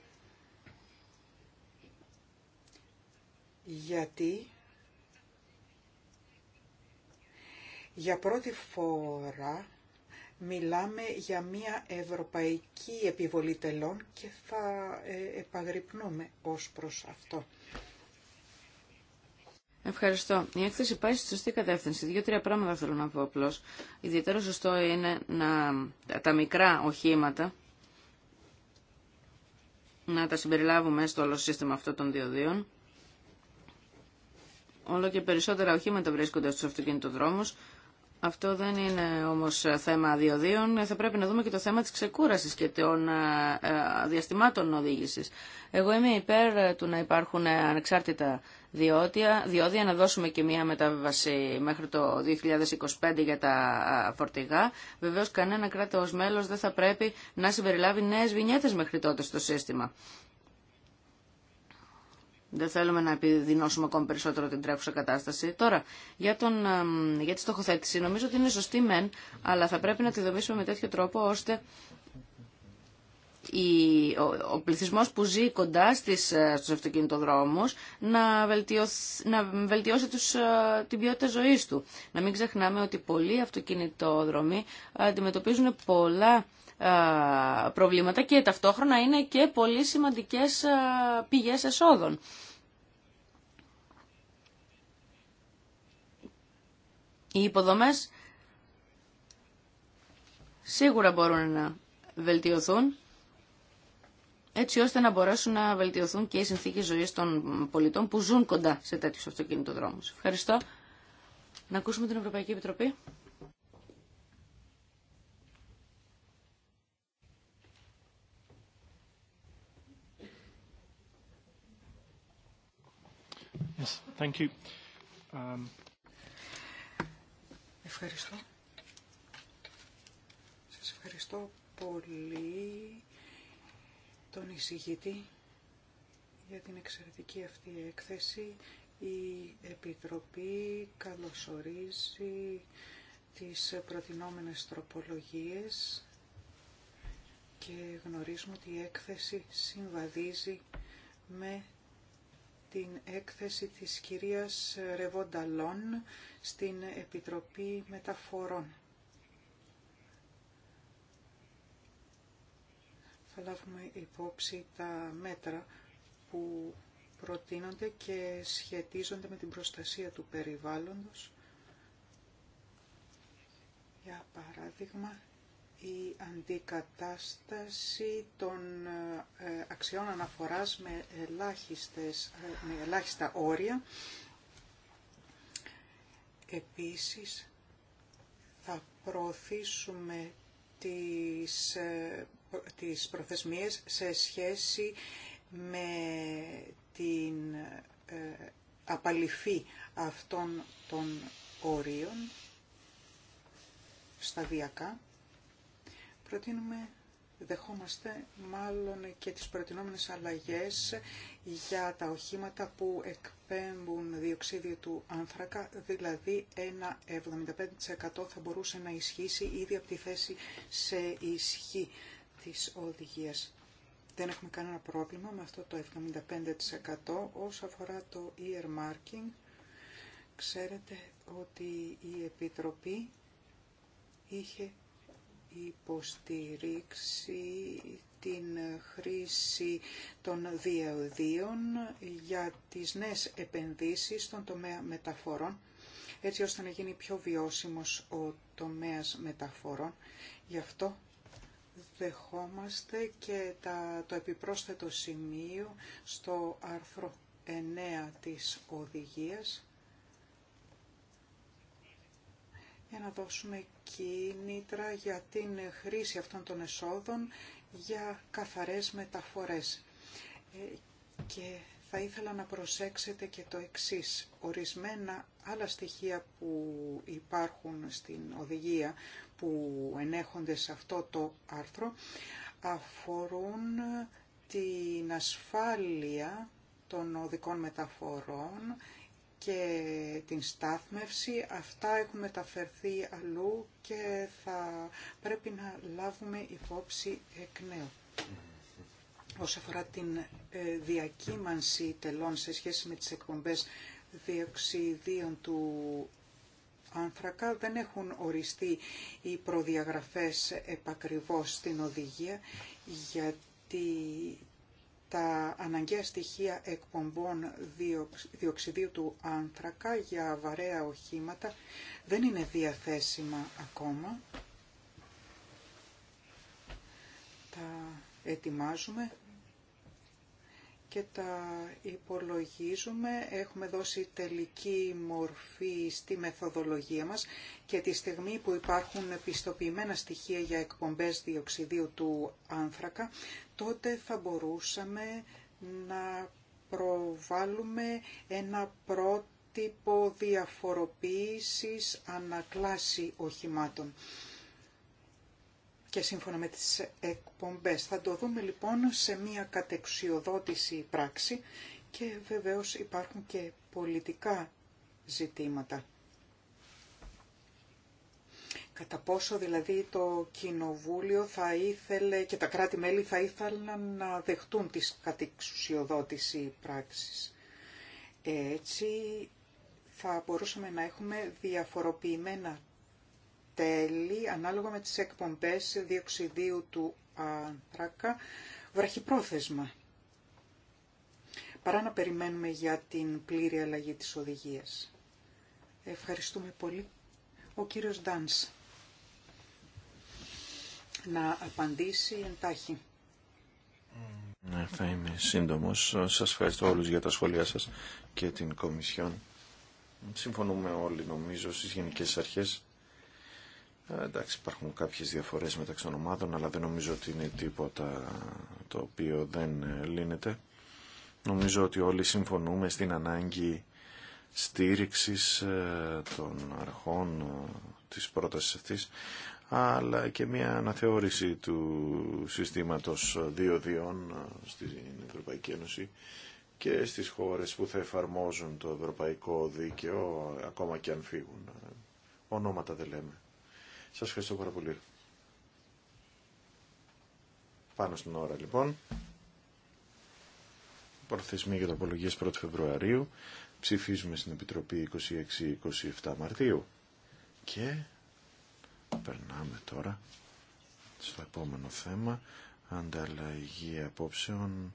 Γιατί Για πρώτη φορά μιλάμε για μια ευρωπαϊκή επιβολή τελών και θα ε, επαγρυπνούμε ως προς αυτό. Ευχαριστώ. Η έκθεση πάει στη σωστή κατεύθυνση. Δύο-τρία πράγματα θέλω να πω απλώ. Ιδιαίτερο σωστό είναι να, τα μικρά οχήματα να τα συμπεριλάβουμε στο όλο σύστημα αυτό των διοδίων. Όλο και περισσότερα οχήματα βρίσκονται στους αυτοκινητοδρόμους αυτό δεν είναι όμως θέμα διοδίων. Θα πρέπει να δούμε και το θέμα της ξεκούρασης και των ε, ε, διαστημάτων οδήγησης. Εγώ είμαι υπέρ του να υπάρχουν ανεξάρτητα διόδια, διόδια να δώσουμε και μια μετάβαση μέχρι το 2025 για τα φορτηγά. Βεβαίως κανένα κράτος μέλος δεν θα πρέπει να συμπεριλάβει νέες βινιέτες μέχρι τότε στο σύστημα. Δεν θέλουμε να επιδεινώσουμε ακόμη περισσότερο την τρέχουσα κατάσταση. Τώρα, για, τον, για τη στοχοθέτηση, νομίζω ότι είναι σωστή μεν, αλλά θα πρέπει να τη δομήσουμε με τέτοιο τρόπο ώστε ο, ο πληθυσμός που ζει κοντά στις, ε, στους αυτοκινητοδρόμους να, βελτιώσει, να βελτιώσει τους, ε, την ποιότητα ζωής του. Να μην ξεχνάμε ότι πολλοί αυτοκινητόδρομοι αντιμετωπίζουν πολλά ε, προβλήματα και ταυτόχρονα είναι και πολύ σημαντικές ε, πηγές εσόδων. Οι υποδομές σίγουρα μπορούν να βελτιωθούν έτσι ώστε να μπορέσουν να βελτιωθούν και οι συνθήκες ζωής των πολιτών που ζουν κοντά σε τέτοιους δρόμους. Ευχαριστώ. Να ακούσουμε την Ευρωπαϊκή Επιτροπή. thank you. Um, ευχαριστώ. Σας ευχαριστώ πολύ τον εισηγητή για την εξαιρετική αυτή έκθεση. Η Επιτροπή καλωσορίζει τις προτινόμενες τροπολογίες και γνωρίζουμε ότι η έκθεση συμβαδίζει με την έκθεση της κυρίας Ρεβονταλόν στην Επιτροπή Μεταφορών. Θα λάβουμε υπόψη τα μέτρα που προτείνονται και σχετίζονται με την προστασία του περιβάλλοντος. Για παράδειγμα, η αντικατάσταση των ε, αξιών αναφοράς με, ελάχιστες, ε, με ελάχιστα όρια. Επίσης, θα προωθήσουμε τις, ε, τις προθεσμίες σε σχέση με την απαλυφή αυτών των όριων σταδιακά προτείνουμε, δεχόμαστε μάλλον και τις προτινόμενες αλλαγές για τα οχήματα που εκπέμπουν διοξίδιο του άνθρακα, δηλαδή ένα 75% θα μπορούσε να ισχύσει ήδη από τη θέση σε ισχύ της οδηγίας. Δεν έχουμε κανένα πρόβλημα με αυτό το 75% όσο αφορά το earmarking. Ξέρετε ότι η Επιτροπή είχε υποστηρίξει την χρήση των διαδίων για τις νέες επενδύσεις στον τομέα μεταφορών, έτσι ώστε να γίνει πιο βιώσιμος ο τομέας μεταφορών. Γι' αυτό δεχόμαστε και τα, το επιπρόσθετο σημείο στο άρθρο 9 της οδηγίας για να δώσουμε κίνητρα για την χρήση αυτών των εσόδων για καθαρές μεταφορές. Ε, και θα ήθελα να προσέξετε και το εξής. Ορισμένα άλλα στοιχεία που υπάρχουν στην οδηγία που ενέχονται σε αυτό το άρθρο αφορούν την ασφάλεια των οδικών μεταφορών και την στάθμευση. Αυτά έχουν μεταφερθεί αλλού και θα πρέπει να λάβουμε υπόψη εκ νέου. Όσον αφορά την ε, διακύμανση τελών σε σχέση με τις εκπομπές διοξιδίων του άνθρακα, δεν έχουν οριστεί οι προδιαγραφές επακριβώς στην οδηγία, γιατί τα αναγκαία στοιχεία εκπομπών διοξιδίου του άνθρακα για βαρέα οχήματα δεν είναι διαθέσιμα ακόμα. Τα ετοιμάζουμε και τα υπολογίζουμε. Έχουμε δώσει τελική μορφή στη μεθοδολογία μας και τη στιγμή που υπάρχουν επιστοποιημένα στοιχεία για εκπομπές διοξιδίου του άνθρακα τότε θα μπορούσαμε να προβάλλουμε ένα πρότυπο διαφοροποίησης ανακλάση οχημάτων και σύμφωνα με τις εκπομπές. Θα το δούμε λοιπόν σε μια κατεξιοδότηση πράξη και βεβαίως υπάρχουν και πολιτικά ζητήματα. Κατά πόσο δηλαδή το Κοινοβούλιο θα ήθελε και τα κράτη-μέλη θα ήθελαν να δεχτούν τις κατηξουσιοδότηση πράξεις. Έτσι θα μπορούσαμε να έχουμε διαφοροποιημένα τέλη ανάλογα με τις εκπομπές διοξιδίου του άνθρακα βραχυπρόθεσμα παρά να περιμένουμε για την πλήρη αλλαγή της οδηγίας. Ευχαριστούμε πολύ. Ο κύριος Ντάνς να απαντήσει εντάχει. Ναι, θα είμαι σύντομος. Σας ευχαριστώ όλους για τα σχόλιά σας και την Κομισιόν. Συμφωνούμε όλοι νομίζω στις γενικές αρχές. Ε, εντάξει, υπάρχουν κάποιες διαφορές μεταξύ των ομάδων, αλλά δεν νομίζω ότι είναι τίποτα το οποίο δεν ε, λύνεται. Νομίζω ότι όλοι συμφωνούμε στην ανάγκη στήριξης ε, των αρχών της πρότασης αυτής αλλά και μια αναθεώρηση του συστήματος δύο-διών στην Ευρωπαϊκή Ένωση και στις χώρες που θα εφαρμόζουν το ευρωπαϊκό δίκαιο, ακόμα και αν φύγουν. Ονόματα δεν λέμε. Σας ευχαριστώ πάρα πολύ. Πάνω στην ώρα λοιπόν. Προθεσμή για απολογίες 1 Φεβρουαρίου. Ψηφίζουμε στην Επιτροπή 26-27 Μαρτίου. Και Περνάμε τώρα στο επόμενο θέμα. Ανταλλαγή απόψεων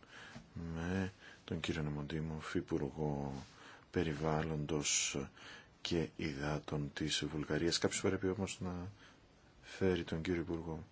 με τον κύριο Νομοντήμο, Υπουργό Περιβάλλοντος και Ιδάτων της Βουλγαρίας. Κάποιος πρέπει όμως να φέρει τον κύριο Υπουργό.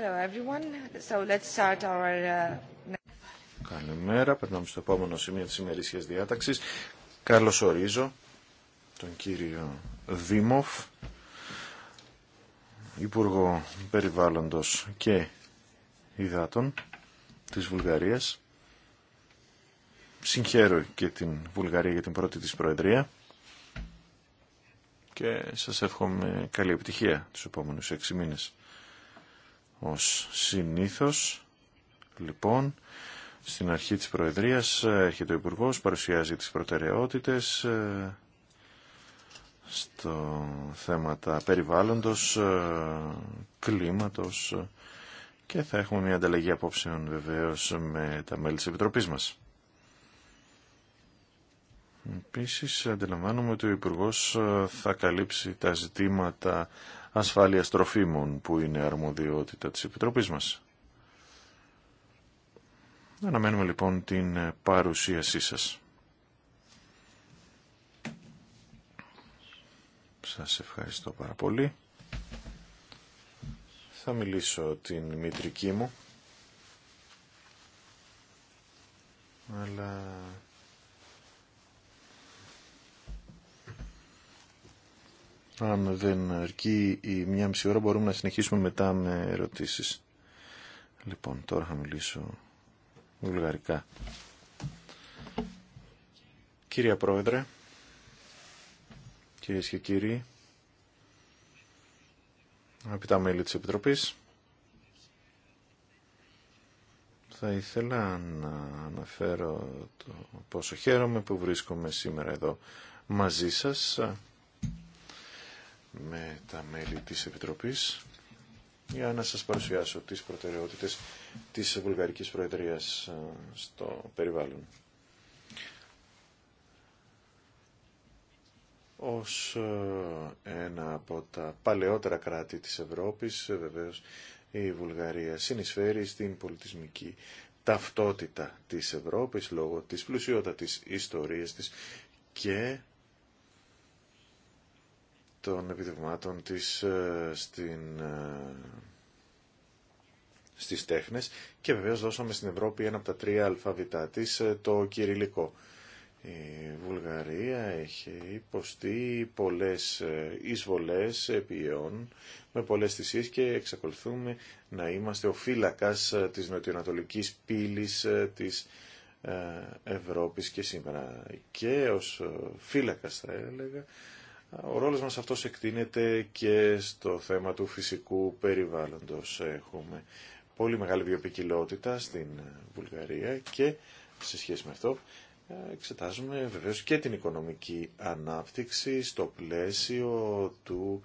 Uh, Καλημέρα, περνάμε στο επόμενο σημείο της ημερήσιας διάταξης. Καλώς ορίζω τον κύριο Δήμοφ, Υπουργό Περιβάλλοντος και Υδάτων της Βουλγαρίας. Συγχαίρω και την Βουλγαρία για την πρώτη της Προεδρία και σας εύχομαι καλή επιτυχία τους επόμενους έξι μήνες ως συνήθως. Λοιπόν, στην αρχή της Προεδρίας ε, έρχεται ο Υπουργός, παρουσιάζει τις προτεραιότητες ε, στο θέματα περιβάλλοντος, ε, κλίματος και θα έχουμε μια ανταλλαγή απόψεων βεβαίως με τα μέλη της Επιτροπής μας. Επίσης αντιλαμβάνομαι ότι ο Υπουργός θα καλύψει τα ζητήματα ασφάλειας τροφίμων που είναι αρμοδιότητα της Επιτροπής μας. Αναμένουμε λοιπόν την παρουσίασή σας. Σας ευχαριστώ πάρα πολύ. Θα μιλήσω την μητρική μου. Αλλά Αν δεν αρκεί η μία μισή ώρα μπορούμε να συνεχίσουμε μετά με ερωτήσεις. Λοιπόν, τώρα θα μιλήσω βουλγαρικά. Κύριε Πρόεδρε, κυρίε και κύριοι, αγαπητά μέλη της Επιτροπής, θα ήθελα να αναφέρω το πόσο χαίρομαι που βρίσκομαι σήμερα εδώ μαζί σας με τα μέλη της Επιτροπής για να σας παρουσιάσω τις προτεραιότητες της Βουλγαρικής Προεδρίας ε, στο περιβάλλον. Ως ε, ένα από τα παλαιότερα κράτη της Ευρώπης, ε, βεβαίως η Βουλγαρία συνεισφέρει στην πολιτισμική ταυτότητα της Ευρώπης λόγω της της ιστορίας της και των επιδευμάτων της ε, στην, ε, στις τέχνες και βεβαίως δώσαμε στην Ευρώπη ένα από τα τρία αλφαβητά της, ε, το κυριλικό. Η Βουλγαρία έχει υποστεί πολλές εισβολές επί αιών, με πολλές θυσίε και εξακολουθούμε να είμαστε ο φύλακας της νοτιοανατολικής πύλης της Ευρώπης και σήμερα. Και ως φύλακας θα έλεγα ο ρόλος μας αυτός εκτείνεται και στο θέμα του φυσικού περιβάλλοντος. Έχουμε πολύ μεγάλη βιοπικιλότητα στην Βουλγαρία και σε σχέση με αυτό ε, εξετάζουμε βεβαίως και την οικονομική ανάπτυξη στο πλαίσιο του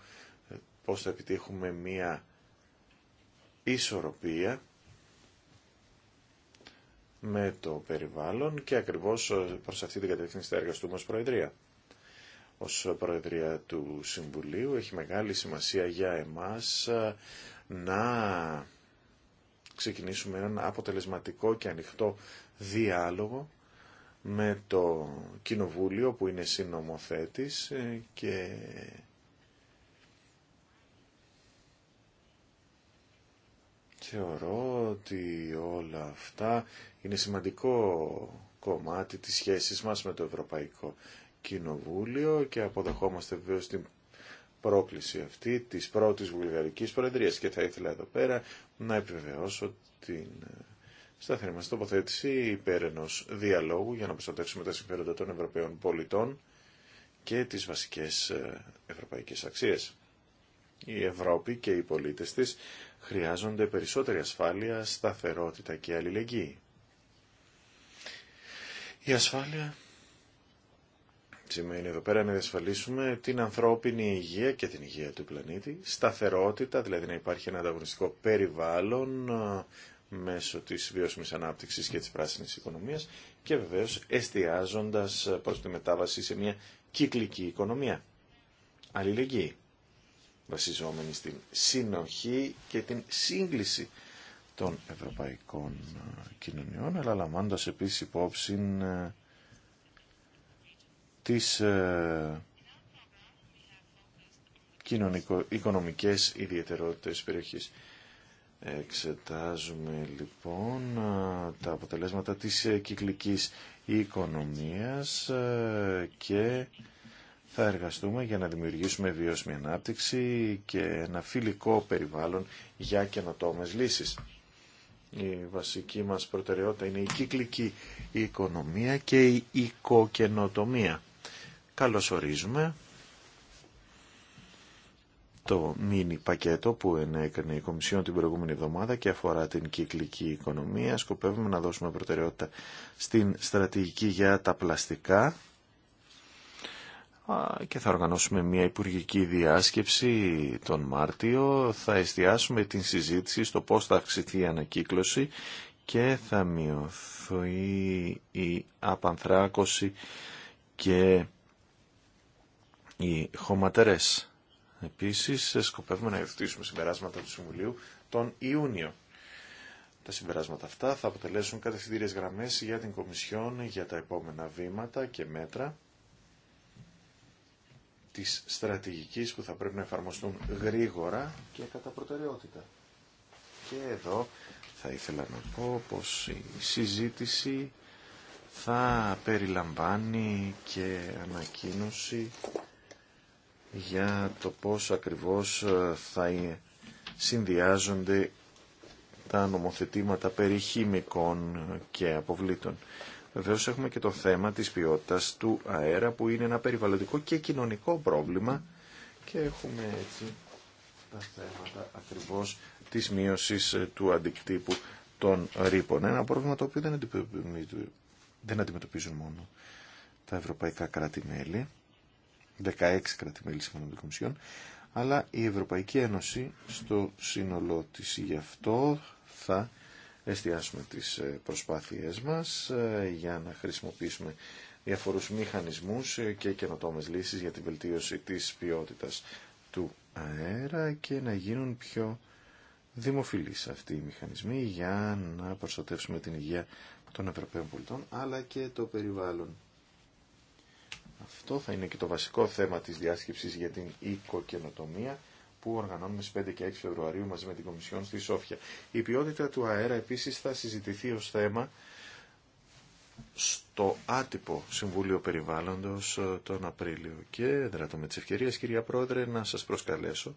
ε, πώς θα επιτύχουμε μία ισορροπία με το περιβάλλον και ακριβώς ε, προς αυτή την κατεύθυνση τα έργα του Προεδρία ως Προεδρία του Συμβουλίου. Έχει μεγάλη σημασία για εμάς ε, να ξεκινήσουμε έναν αποτελεσματικό και ανοιχτό διάλογο με το Κοινοβούλιο που είναι συνομοθέτης ε, και θεωρώ ότι όλα αυτά είναι σημαντικό κομμάτι της σχέσης μας με το Ευρωπαϊκό Κοινοβούλιο και αποδεχόμαστε βεβαίω την πρόκληση αυτή της πρώτης βουλγαρικής προεδρίας και θα ήθελα εδώ πέρα να επιβεβαιώσω την ε, σταθερή μας τοποθέτηση υπέρ ενός διαλόγου για να προστατεύσουμε τα συμφέροντα των Ευρωπαίων πολιτών και τις βασικές ε, ευρωπαϊκές αξίες. Η Ευρώπη και οι πολίτες της χρειάζονται περισσότερη ασφάλεια, σταθερότητα και αλληλεγγύη. Η ασφάλεια σημαίνει εδώ πέρα να διασφαλίσουμε την ανθρώπινη υγεία και την υγεία του πλανήτη, σταθερότητα, δηλαδή να υπάρχει ένα ανταγωνιστικό περιβάλλον μέσω της βιώσιμης ανάπτυξης και της πράσινης οικονομίας και βεβαίως εστιάζοντας προς τη μετάβαση σε μια κυκλική οικονομία. Αλληλεγγύη, βασιζόμενη στην συνοχή και την σύγκληση των ευρωπαϊκών κοινωνιών, αλλά λαμβάνοντας επίσης υπόψη τις ε, κοινωνικο-οικονομικές ιδιαιτερότητες της περιοχής. Εξετάζουμε λοιπόν ε, τα αποτελέσματα της ε, κυκλικής οικονομίας και θα εργαστούμε για να δημιουργήσουμε βιώσιμη ανάπτυξη και ένα φιλικό περιβάλλον για καινοτόμες λύσεις. Η βασική μας προτεραιότητα είναι η κυκλική οικονομία και η οικοκαινοτομία καλωσορίζουμε το μίνι πακέτο που ενέκρινε η Κομισιόν την προηγούμενη εβδομάδα και αφορά την κυκλική οικονομία. Σκοπεύουμε να δώσουμε προτεραιότητα στην στρατηγική για τα πλαστικά και θα οργανώσουμε μια υπουργική διάσκεψη τον Μάρτιο. Θα εστιάσουμε την συζήτηση στο πώς θα αυξηθεί η ανακύκλωση και θα μειωθεί η απανθράκωση και οι χωματερέ. Επίσης, σκοπεύουμε να ευθύσουμε συμπεράσματα του Συμβουλίου τον Ιούνιο. Τα συμπεράσματα αυτά θα αποτελέσουν κατευθυντήριε γραμμέ για την Κομισιόν για τα επόμενα βήματα και μέτρα της στρατηγική που θα πρέπει να εφαρμοστούν γρήγορα και κατά προτεραιότητα. Και εδώ θα ήθελα να πω πως η συζήτηση θα περιλαμβάνει και ανακοίνωση για το πώς ακριβώς ε, θα συνδυάζονται τα νομοθετήματα περί χημικών και αποβλήτων. Βεβαίω έχουμε και το θέμα της ποιότητας του αέρα που είναι ένα περιβαλλοντικό και κοινωνικό πρόβλημα και έχουμε έτσι τα θέματα ακριβώς της μείωσης ε, του αντικτύπου των ρήπων. Ένα πρόβλημα το οποίο δεν αντιμετωπίζουν μόνο τα ευρωπαϊκά κράτη-μέλη 16 κρατημέλη σύμφωνα με αλλά η Ευρωπαϊκή Ένωση στο σύνολό της. Γι' αυτό θα εστιάσουμε τις ε, προσπάθειές μας ε, για να χρησιμοποιήσουμε διαφορούς μηχανισμούς ε, και καινοτόμες λύσεις για την βελτίωση της ποιότητας του αέρα και να γίνουν πιο δημοφιλείς αυτοί οι μηχανισμοί για να προστατεύσουμε την υγεία των Ευρωπαίων πολιτών αλλά και το περιβάλλον. Αυτό θα είναι και το βασικό θέμα της διάσκεψης για την οικοκαινοτομία που οργανώνουμε στις 5 και 6 Φεβρουαρίου μαζί με την Κομισιόν στη Σόφια. Η ποιότητα του αέρα επίσης θα συζητηθεί ως θέμα στο άτυπο Συμβούλιο Περιβάλλοντος ε, τον Απρίλιο. Και δράτω με τις ευκαιρίες κυρία Πρόεδρε να σας προσκαλέσω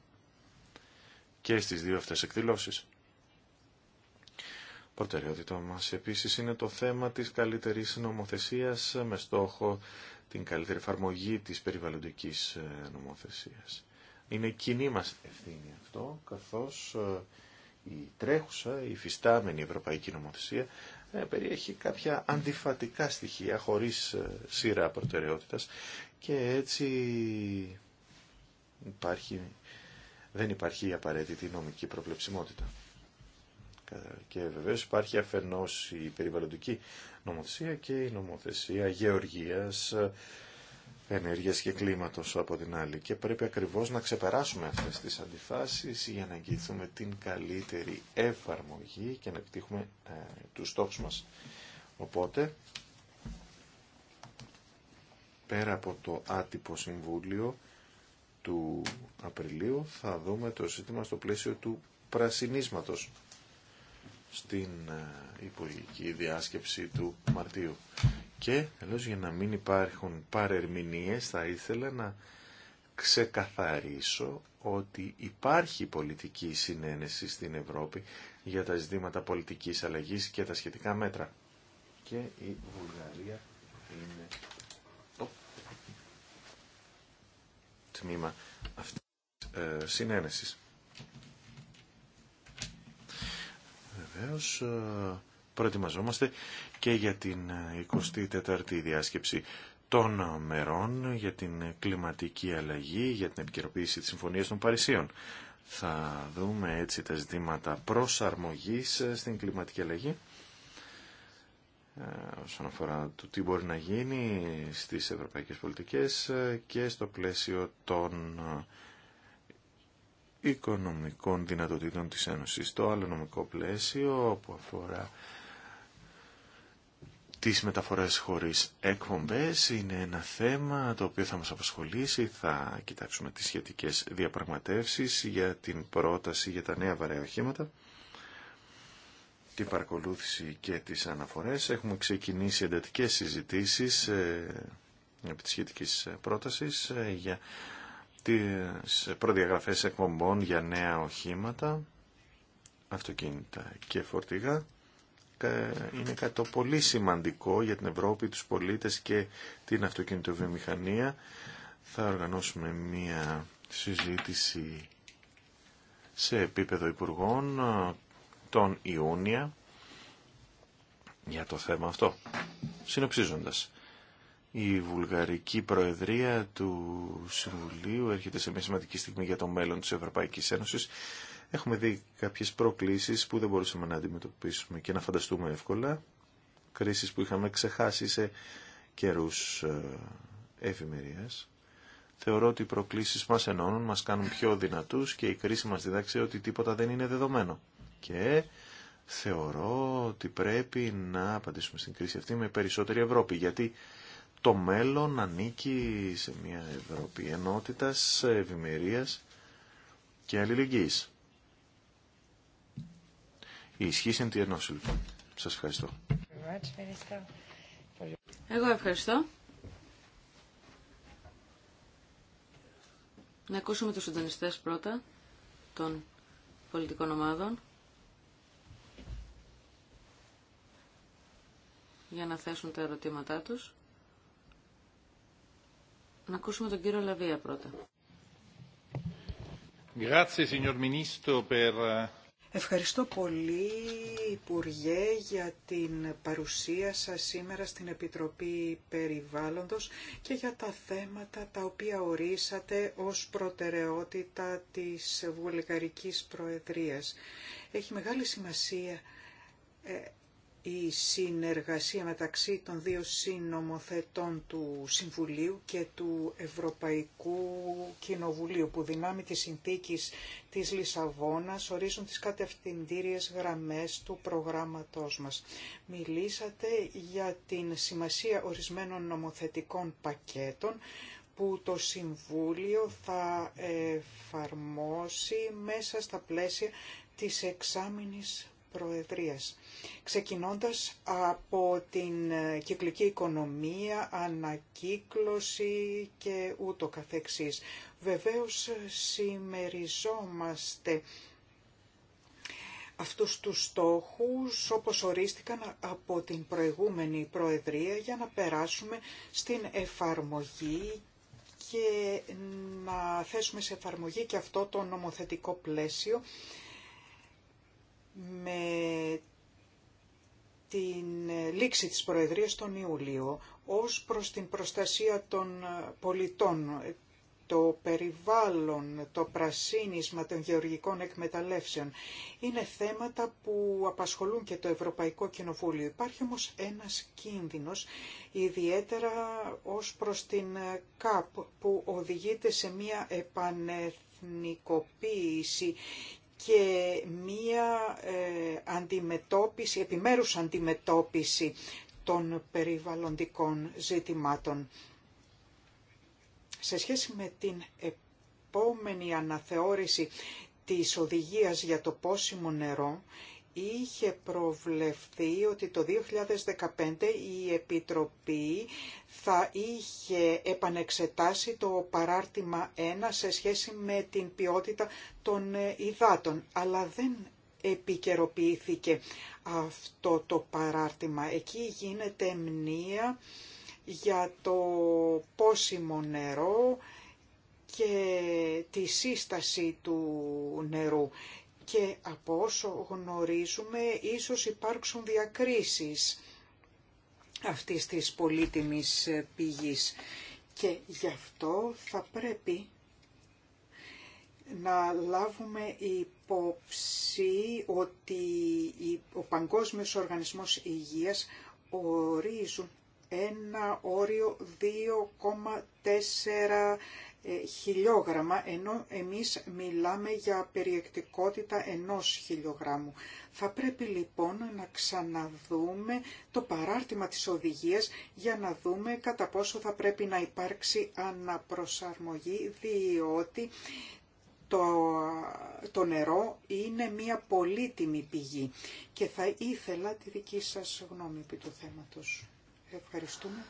και στις δύο αυτές εκδηλώσεις. Προτεραιότητά μας επίσης είναι το θέμα της καλύτερης νομοθεσίας με στόχο την καλύτερη εφαρμογή της περιβαλλοντικής ε, νομοθεσίας. Είναι κοινή μας ευθύνη αυτό, καθώς ε, η τρέχουσα, η φυστάμενη ευρωπαϊκή νομοθεσία ε, περιέχει κάποια αντιφατικά στοιχεία χωρίς σειρά προτεραιότητας και έτσι υπάρχει, δεν υπάρχει η απαραίτητη νομική προβλεψιμότητα. Και βεβαίως υπάρχει αφενός η περιβαλλοντική νομοθεσία και η νομοθεσία γεωργίας, ενέργειας και κλίματος από την άλλη. Και πρέπει ακριβώς να ξεπεράσουμε αυτές τις αντιφάσεις για να αγγιθούμε την καλύτερη εφαρμογή και να επιτύχουμε ε, τους στόχους μας. Οπότε, πέρα από το άτυπο συμβούλιο του Απριλίου, θα δούμε το ζήτημα στο πλαίσιο του πρασινίσματος στην ε, υπουργική διάσκεψη του Μαρτίου. Και τέλος για να μην υπάρχουν παρερμηνίες θα ήθελα να ξεκαθαρίσω ότι υπάρχει πολιτική συνένεση στην Ευρώπη για τα ζητήματα πολιτικής αλλαγής και τα σχετικά μέτρα. Και η Βουλγαρία είναι το τμήμα αυτής της ε, συνένεσης. βεβαίως ε, προετοιμαζόμαστε και για την 24η ε, διάσκεψη των μερών για την κλιματική αλλαγή, για την επικαιροποίηση της Συμφωνίας των Παρισίων. Θα δούμε έτσι τα ζητήματα προσαρμογής ε, στην κλιματική αλλαγή όσον αφορά το τι μπορεί να γίνει στις ευρωπαϊκές πολιτικές και στο πλαίσιο των οικονομικών δυνατοτήτων της Ένωσης. Το άλλο νομικό πλαίσιο που αφορά τις μεταφορές χωρίς εκπομπές είναι ένα θέμα το οποίο θα μας απασχολήσει. Θα κοιτάξουμε τις σχετικές διαπραγματεύσεις για την πρόταση για τα νέα βαρέα οχήματα, την παρακολούθηση και τις αναφορές. Έχουμε ξεκινήσει εντατικές συζητήσεις ε, επί της σχετικής πρότασης ε, για τις προδιαγραφές εκπομπών για νέα οχήματα, αυτοκίνητα και φορτηγά είναι κάτι το πολύ σημαντικό για την Ευρώπη, τους πολίτες και την αυτοκινητοβιομηχανία. Θα οργανώσουμε μία συζήτηση σε επίπεδο υπουργών τον Ιούνια για το θέμα αυτό. Συνοψίζοντας, η Βουλγαρική Προεδρία του Συμβουλίου έρχεται σε μια σημαντική στιγμή για το μέλλον της Ευρωπαϊκής Ένωσης. Έχουμε δει κάποιες προκλήσεις που δεν μπορούσαμε να αντιμετωπίσουμε και να φανταστούμε εύκολα. Κρίσεις που είχαμε ξεχάσει σε καιρούς ε, εφημερίας. Θεωρώ ότι οι προκλήσεις μας ενώνουν, μας κάνουν πιο δυνατούς και η κρίση μας διδάξει ότι τίποτα δεν είναι δεδομένο. Και θεωρώ ότι πρέπει να απαντήσουμε στην κρίση αυτή με περισσότερη Ευρώπη, γιατί το μέλλον ανήκει σε μια Ευρώπη ενότητας, ευημερίας και αλληλεγγύης. Η ισχύ είναι τη λοιπόν. Σας ευχαριστώ. Εγώ ευχαριστώ. Να ακούσουμε τους συντονιστές πρώτα των πολιτικών ομάδων για να θέσουν τα ερωτήματά τους. Να ακούσουμε τον κύριο Λαβία πρώτα. Ευχαριστώ πολύ, Υπουργέ, για την παρουσία σας σήμερα στην Επιτροπή Περιβάλλοντος και για τα θέματα τα οποία ορίσατε ως προτεραιότητα της Βουλγαρικής Προεδρίας. Έχει μεγάλη σημασία ε, η συνεργασία μεταξύ των δύο συνομοθετών του Συμβουλίου και του Ευρωπαϊκού Κοινοβουλίου που δυνάμει της συνθήκης της Λισαβόνας ορίζουν τις κατευθυντήριες γραμμές του προγράμματός μας. Μιλήσατε για την σημασία ορισμένων νομοθετικών πακέτων που το Συμβούλιο θα εφαρμόσει μέσα στα πλαίσια της εξάμηνης Προεδρίας, ξεκινώντας από την ε, κυκλική οικονομία, ανακύκλωση και ούτω καθεξής. Βεβαίως ε, συμμεριζόμαστε αυτούς τους στόχους όπως ορίστηκαν από την προηγούμενη Προεδρία για να περάσουμε στην εφαρμογή και να θέσουμε σε εφαρμογή και αυτό το νομοθετικό πλαίσιο με την λήξη της Προεδρίας τον Ιούλιο ως προς την προστασία των πολιτών, το περιβάλλον, το πρασίνισμα των γεωργικών εκμεταλλεύσεων. Είναι θέματα που απασχολούν και το Ευρωπαϊκό Κοινοβούλιο. Υπάρχει όμως ένας κίνδυνος, ιδιαίτερα ως προς την ΚΑΠ, που οδηγείται σε μια επανεθνικοποίηση και μία ε, αντιμετώπιση, επιμέρους αντιμετώπιση των περιβαλλοντικών ζητημάτων. Σε σχέση με την επόμενη αναθεώρηση της οδηγίας για το πόσιμο νερό, είχε προβλεφθεί ότι το 2015 η Επιτροπή θα είχε επανεξετάσει το παράρτημα 1 σε σχέση με την ποιότητα των ε, υδάτων, αλλά δεν επικαιροποιήθηκε αυτό το παράρτημα. Εκεί γίνεται μνήα για το πόσιμο νερό και τη σύσταση του νερού και από όσο γνωρίζουμε ίσως υπάρξουν διακρίσεις αυτής της πολύτιμης πηγής και γι' αυτό θα πρέπει να λάβουμε υπόψη ότι ο Παγκόσμιος Οργανισμός Υγείας ορίζουν ένα όριο 2,4 ε, χιλιόγραμμα, ενώ εμείς μιλάμε για περιεκτικότητα ενός χιλιογράμμου. Θα πρέπει λοιπόν να ξαναδούμε το παράρτημα της οδηγίας για να δούμε κατά πόσο θα πρέπει να υπάρξει αναπροσαρμογή, διότι το, το νερό είναι μια πολύτιμη πηγή και θα ήθελα τη δική σας γνώμη επί του θέματος. Ευχαριστούμε.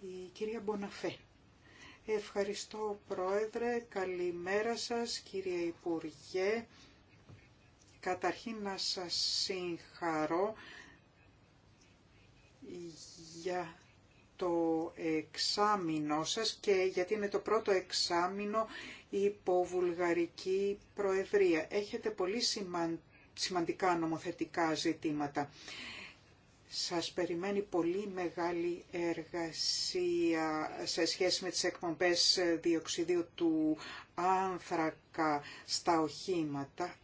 Η κυρία Μποναφέ. Ευχαριστώ Πρόεδρε, καλημέρα σας κύριε Υπουργέ. Καταρχήν να σας συγχαρώ για το εξάμεινό σας και γιατί είναι το πρώτο εξάμεινο υπό Βουλγαρική Προεδρία. Έχετε πολύ σημαντικά νομοθετικά ζητήματα. Σας περιμένει πολύ μεγάλη εργασία σε σχέση με τις εκπομπές διοξιδίου του άνθρακα στα οχήματα,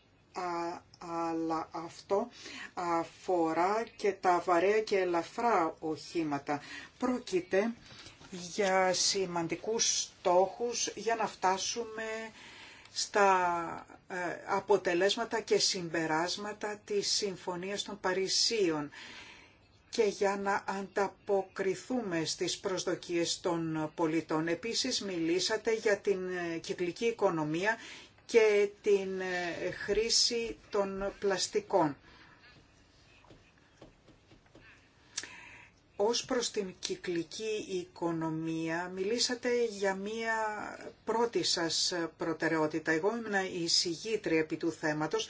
αλλά αυτό αφορά και τα βαρέα και ελαφρά οχήματα. Πρόκειται για σημαντικούς στόχους για να φτάσουμε στα ε, αποτελέσματα και συμπεράσματα της Συμφωνίας των Παρισίων και για να ανταποκριθούμε στις προσδοκίες των πολιτών. Επίσης μιλήσατε για την ε, κυκλική οικονομία και την ε, χρήση των πλαστικών. Ως προς την κυκλική οικονομία, μιλήσατε για μία πρώτη σας προτεραιότητα. Εγώ ήμουν η συγγήτρια επί του θέματος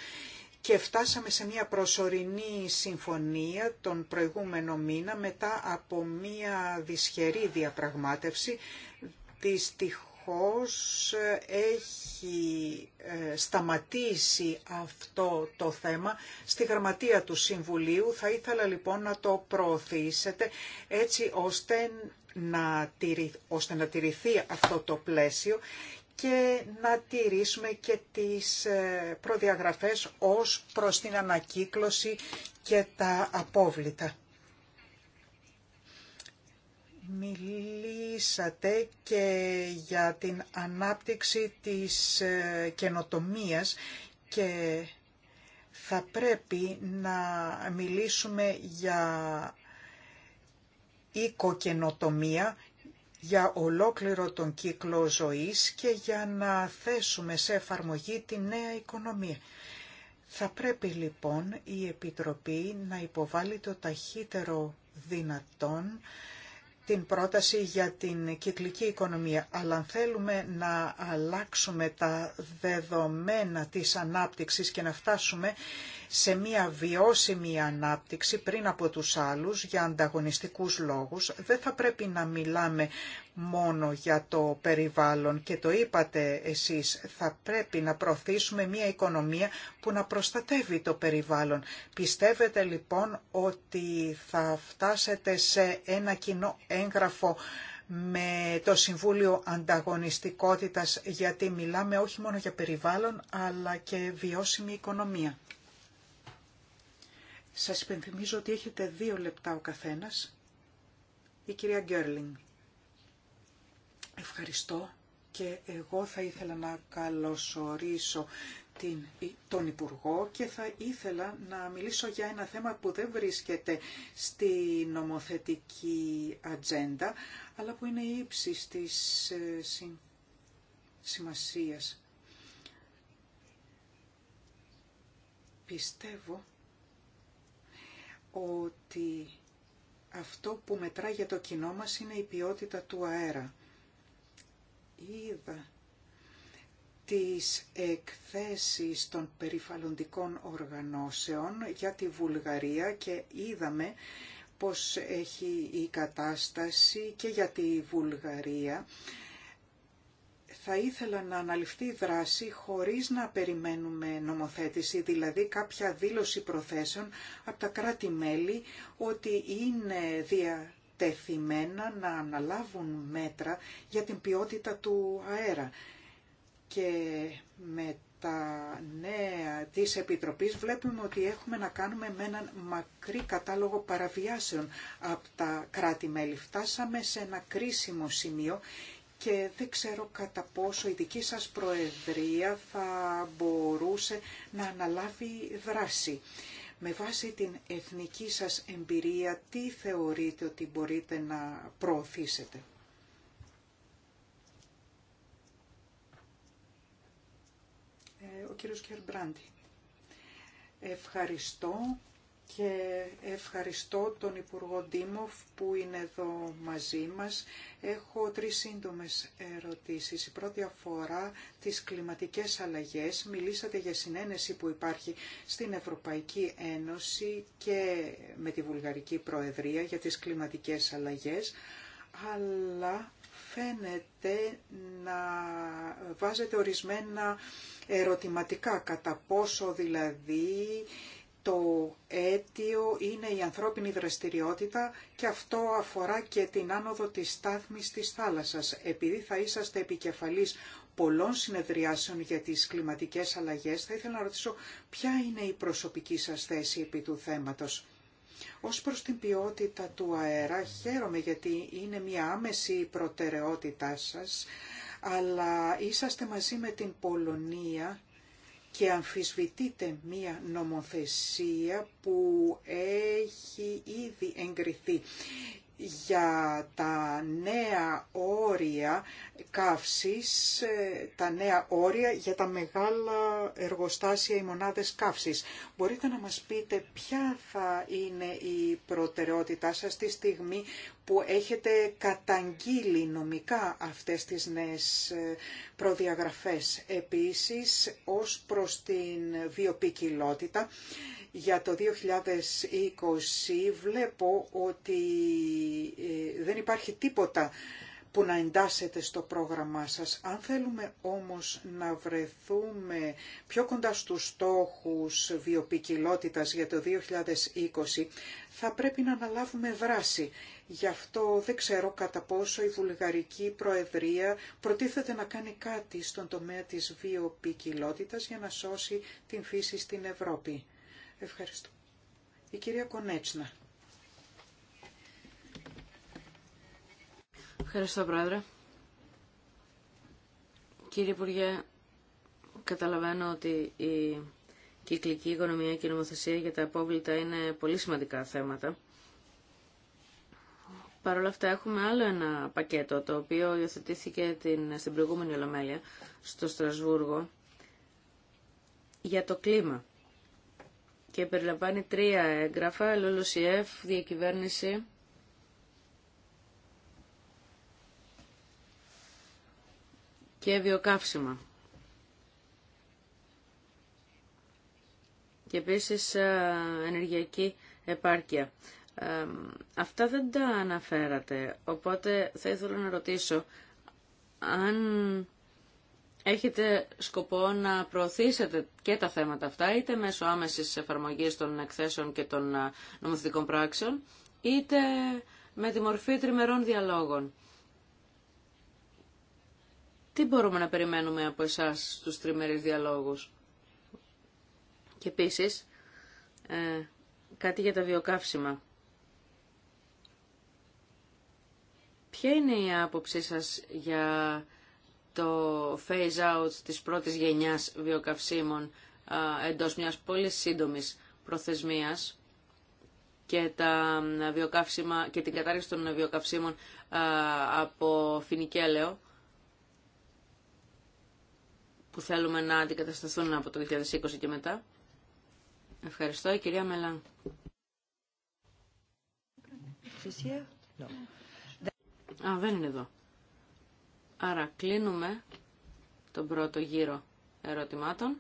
και φτάσαμε σε μια προσωρινή συμφωνία τον προηγούμενο μήνα μετά από μια δυσχερή διαπραγμάτευση. Δυστυχώς έχει ε, σταματήσει αυτό το θέμα στη γραμματεία του Συμβουλίου. Θα ήθελα λοιπόν να το προωθήσετε έτσι ώστε να, ώστε να τηρηθεί αυτό το πλαίσιο και να τηρήσουμε και τις ε, προδιαγραφές ως προς την ανακύκλωση και τα απόβλητα. Μιλήσατε και για την ανάπτυξη της ε, καινοτομίας και θα πρέπει να μιλήσουμε για οικοκαινοτομία για ολόκληρο τον κύκλο ζωής και για να θέσουμε σε εφαρμογή τη νέα οικονομία. Θα πρέπει λοιπόν η Επιτροπή να υποβάλει το ταχύτερο δυνατόν την πρόταση για την κυκλική οικονομία. Αλλά αν θέλουμε να αλλάξουμε τα δεδομένα της ανάπτυξης και να φτάσουμε σε μια βιώσιμη ανάπτυξη πριν από τους άλλους για ανταγωνιστικούς λόγους, δεν θα πρέπει να μιλάμε μόνο για το περιβάλλον και το είπατε εσείς, θα πρέπει να προωθήσουμε μια οικονομία που να προστατεύει το περιβάλλον. Πιστεύετε λοιπόν ότι θα φτάσετε σε ένα κοινό έγγραφο με το Συμβούλιο Ανταγωνιστικότητας γιατί μιλάμε όχι μόνο για περιβάλλον αλλά και βιώσιμη οικονομία. Σας υπενθυμίζω ότι έχετε δύο λεπτά ο καθένας. Η κυρία Γκέρλινγκ. Ευχαριστώ και εγώ θα ήθελα να καλωσορίσω την, τον Υπουργό και θα ήθελα να μιλήσω για ένα θέμα που δεν βρίσκεται στη νομοθετική ατζέντα, αλλά που είναι ύψη της ε, σημασίας. Πιστεύω ότι αυτό που μετρά για το κοινό μας είναι η ποιότητα του αέρα είδα τις εκθέσεις των περιφαλλοντικών οργανώσεων για τη Βουλγαρία και είδαμε πώς έχει η κατάσταση και για τη Βουλγαρία. Θα ήθελα να αναλυφθεί δράση χωρίς να περιμένουμε νομοθέτηση, δηλαδή κάποια δήλωση προθέσεων από τα κράτη-μέλη ότι είναι δια τεθειμένα να αναλάβουν μέτρα για την ποιότητα του αέρα. Και με τα νέα της Επιτροπής βλέπουμε ότι έχουμε να κάνουμε με έναν μακρύ κατάλογο παραβιάσεων από τα κράτη-μέλη. Φτάσαμε σε ένα κρίσιμο σημείο και δεν ξέρω κατά πόσο η δική σας Προεδρία θα μπορούσε να αναλάβει δράση. Με βάση την εθνική σας εμπειρία, τι θεωρείτε ότι μπορείτε να προωθήσετε. Ε, ο κύριος Κερμπράντη. Ευχαριστώ και ευχαριστώ τον Υπουργό Ντίμοφ που είναι εδώ μαζί μας. Έχω τρεις σύντομες ερωτήσεις. Η πρώτη αφορά τις κλιματικές αλλαγές. Μιλήσατε για συνένεση που υπάρχει στην Ευρωπαϊκή Ένωση και με τη Βουλγαρική Προεδρία για τις κλιματικές αλλαγές, αλλά φαίνεται να βάζετε ορισμένα ερωτηματικά κατά πόσο δηλαδή το είναι η ανθρώπινη δραστηριότητα και αυτό αφορά και την άνοδο της στάθμης της θάλασσας. Επειδή θα είσαστε επικεφαλής πολλών συνεδριάσεων για τις κλιματικές αλλαγές, θα ήθελα να ρωτήσω ποια είναι η προσωπική σας θέση επί του θέματος. Ως προς την ποιότητα του αέρα, χαίρομαι γιατί είναι μια άμεση προτεραιότητά σας, αλλά είσαστε μαζί με την Πολωνία και αμφισβητείτε μία νομοθεσία που έχει ήδη εγκριθεί για τα νέα όρια καύσης, ε, τα νέα όρια για τα μεγάλα εργοστάσια ή μονάδες καύσης. Μπορείτε να μας πείτε ποια θα είναι η προτεραιότητά σας τη στιγμή που έχετε καταγγείλει νομικά αυτές τις νέες ε, προδιαγραφές. Επίσης, ως προς την βιοπικιλότητα, για το 2020 βλέπω ότι ε, δεν υπάρχει τίποτα που να εντάσσεται στο πρόγραμμά σας. Αν θέλουμε όμως να βρεθούμε πιο κοντά στους στόχους βιοπικιλότητας για το 2020, θα πρέπει να αναλάβουμε δράση Γι' αυτό δεν ξέρω κατά πόσο η Βουλγαρική Προεδρία προτίθεται να κάνει κάτι στον τομέα της βιοποικιλότητας για να σώσει την φύση στην Ευρώπη. Ευχαριστώ. Η κυρία Κονέτσνα. Ευχαριστώ, Πρόεδρε. Κύριε Υπουργέ, καταλαβαίνω ότι η κυκλική οικονομία και η νομοθεσία για τα απόβλητα είναι πολύ σημαντικά θέματα Παρ' όλα αυτά έχουμε άλλο ένα πακέτο το οποίο υιοθετήθηκε την, στην προηγούμενη Ολομέλεια στο Στρασβούργο για το κλίμα και περιλαμβάνει τρία έγγραφα, ΛΟΛΟΣΙΕΦ, διακυβέρνηση και βιοκαύσιμα. Και επίσης ε, ενεργειακή επάρκεια αυτά δεν τα αναφέρατε, οπότε θα ήθελα να ρωτήσω αν έχετε σκοπό να προωθήσετε και τα θέματα αυτά, είτε μέσω άμεσης εφαρμογής των εκθέσεων και των ε, νομοθετικών πράξεων, είτε με τη μορφή τριμερών διαλόγων. Τι μπορούμε να περιμένουμε από εσάς τους τριμερείς διαλόγους. Και επίσης, ε, κάτι για τα βιοκαύσιμα. Ποια είναι η άποψή σας για το phase-out της πρώτης γενιάς βιοκαυσίμων εντός μιας πολύ σύντομης προθεσμίας και, τα βιοκαύσιμα, και την κατάργηση των βιοκαυσίμων από φινικέλαιο που θέλουμε να αντικατασταθούν από το 2020 και μετά. Ευχαριστώ. Η κυρία Μελάν. Α, δεν είναι εδώ. Άρα κλείνουμε τον πρώτο γύρο ερωτημάτων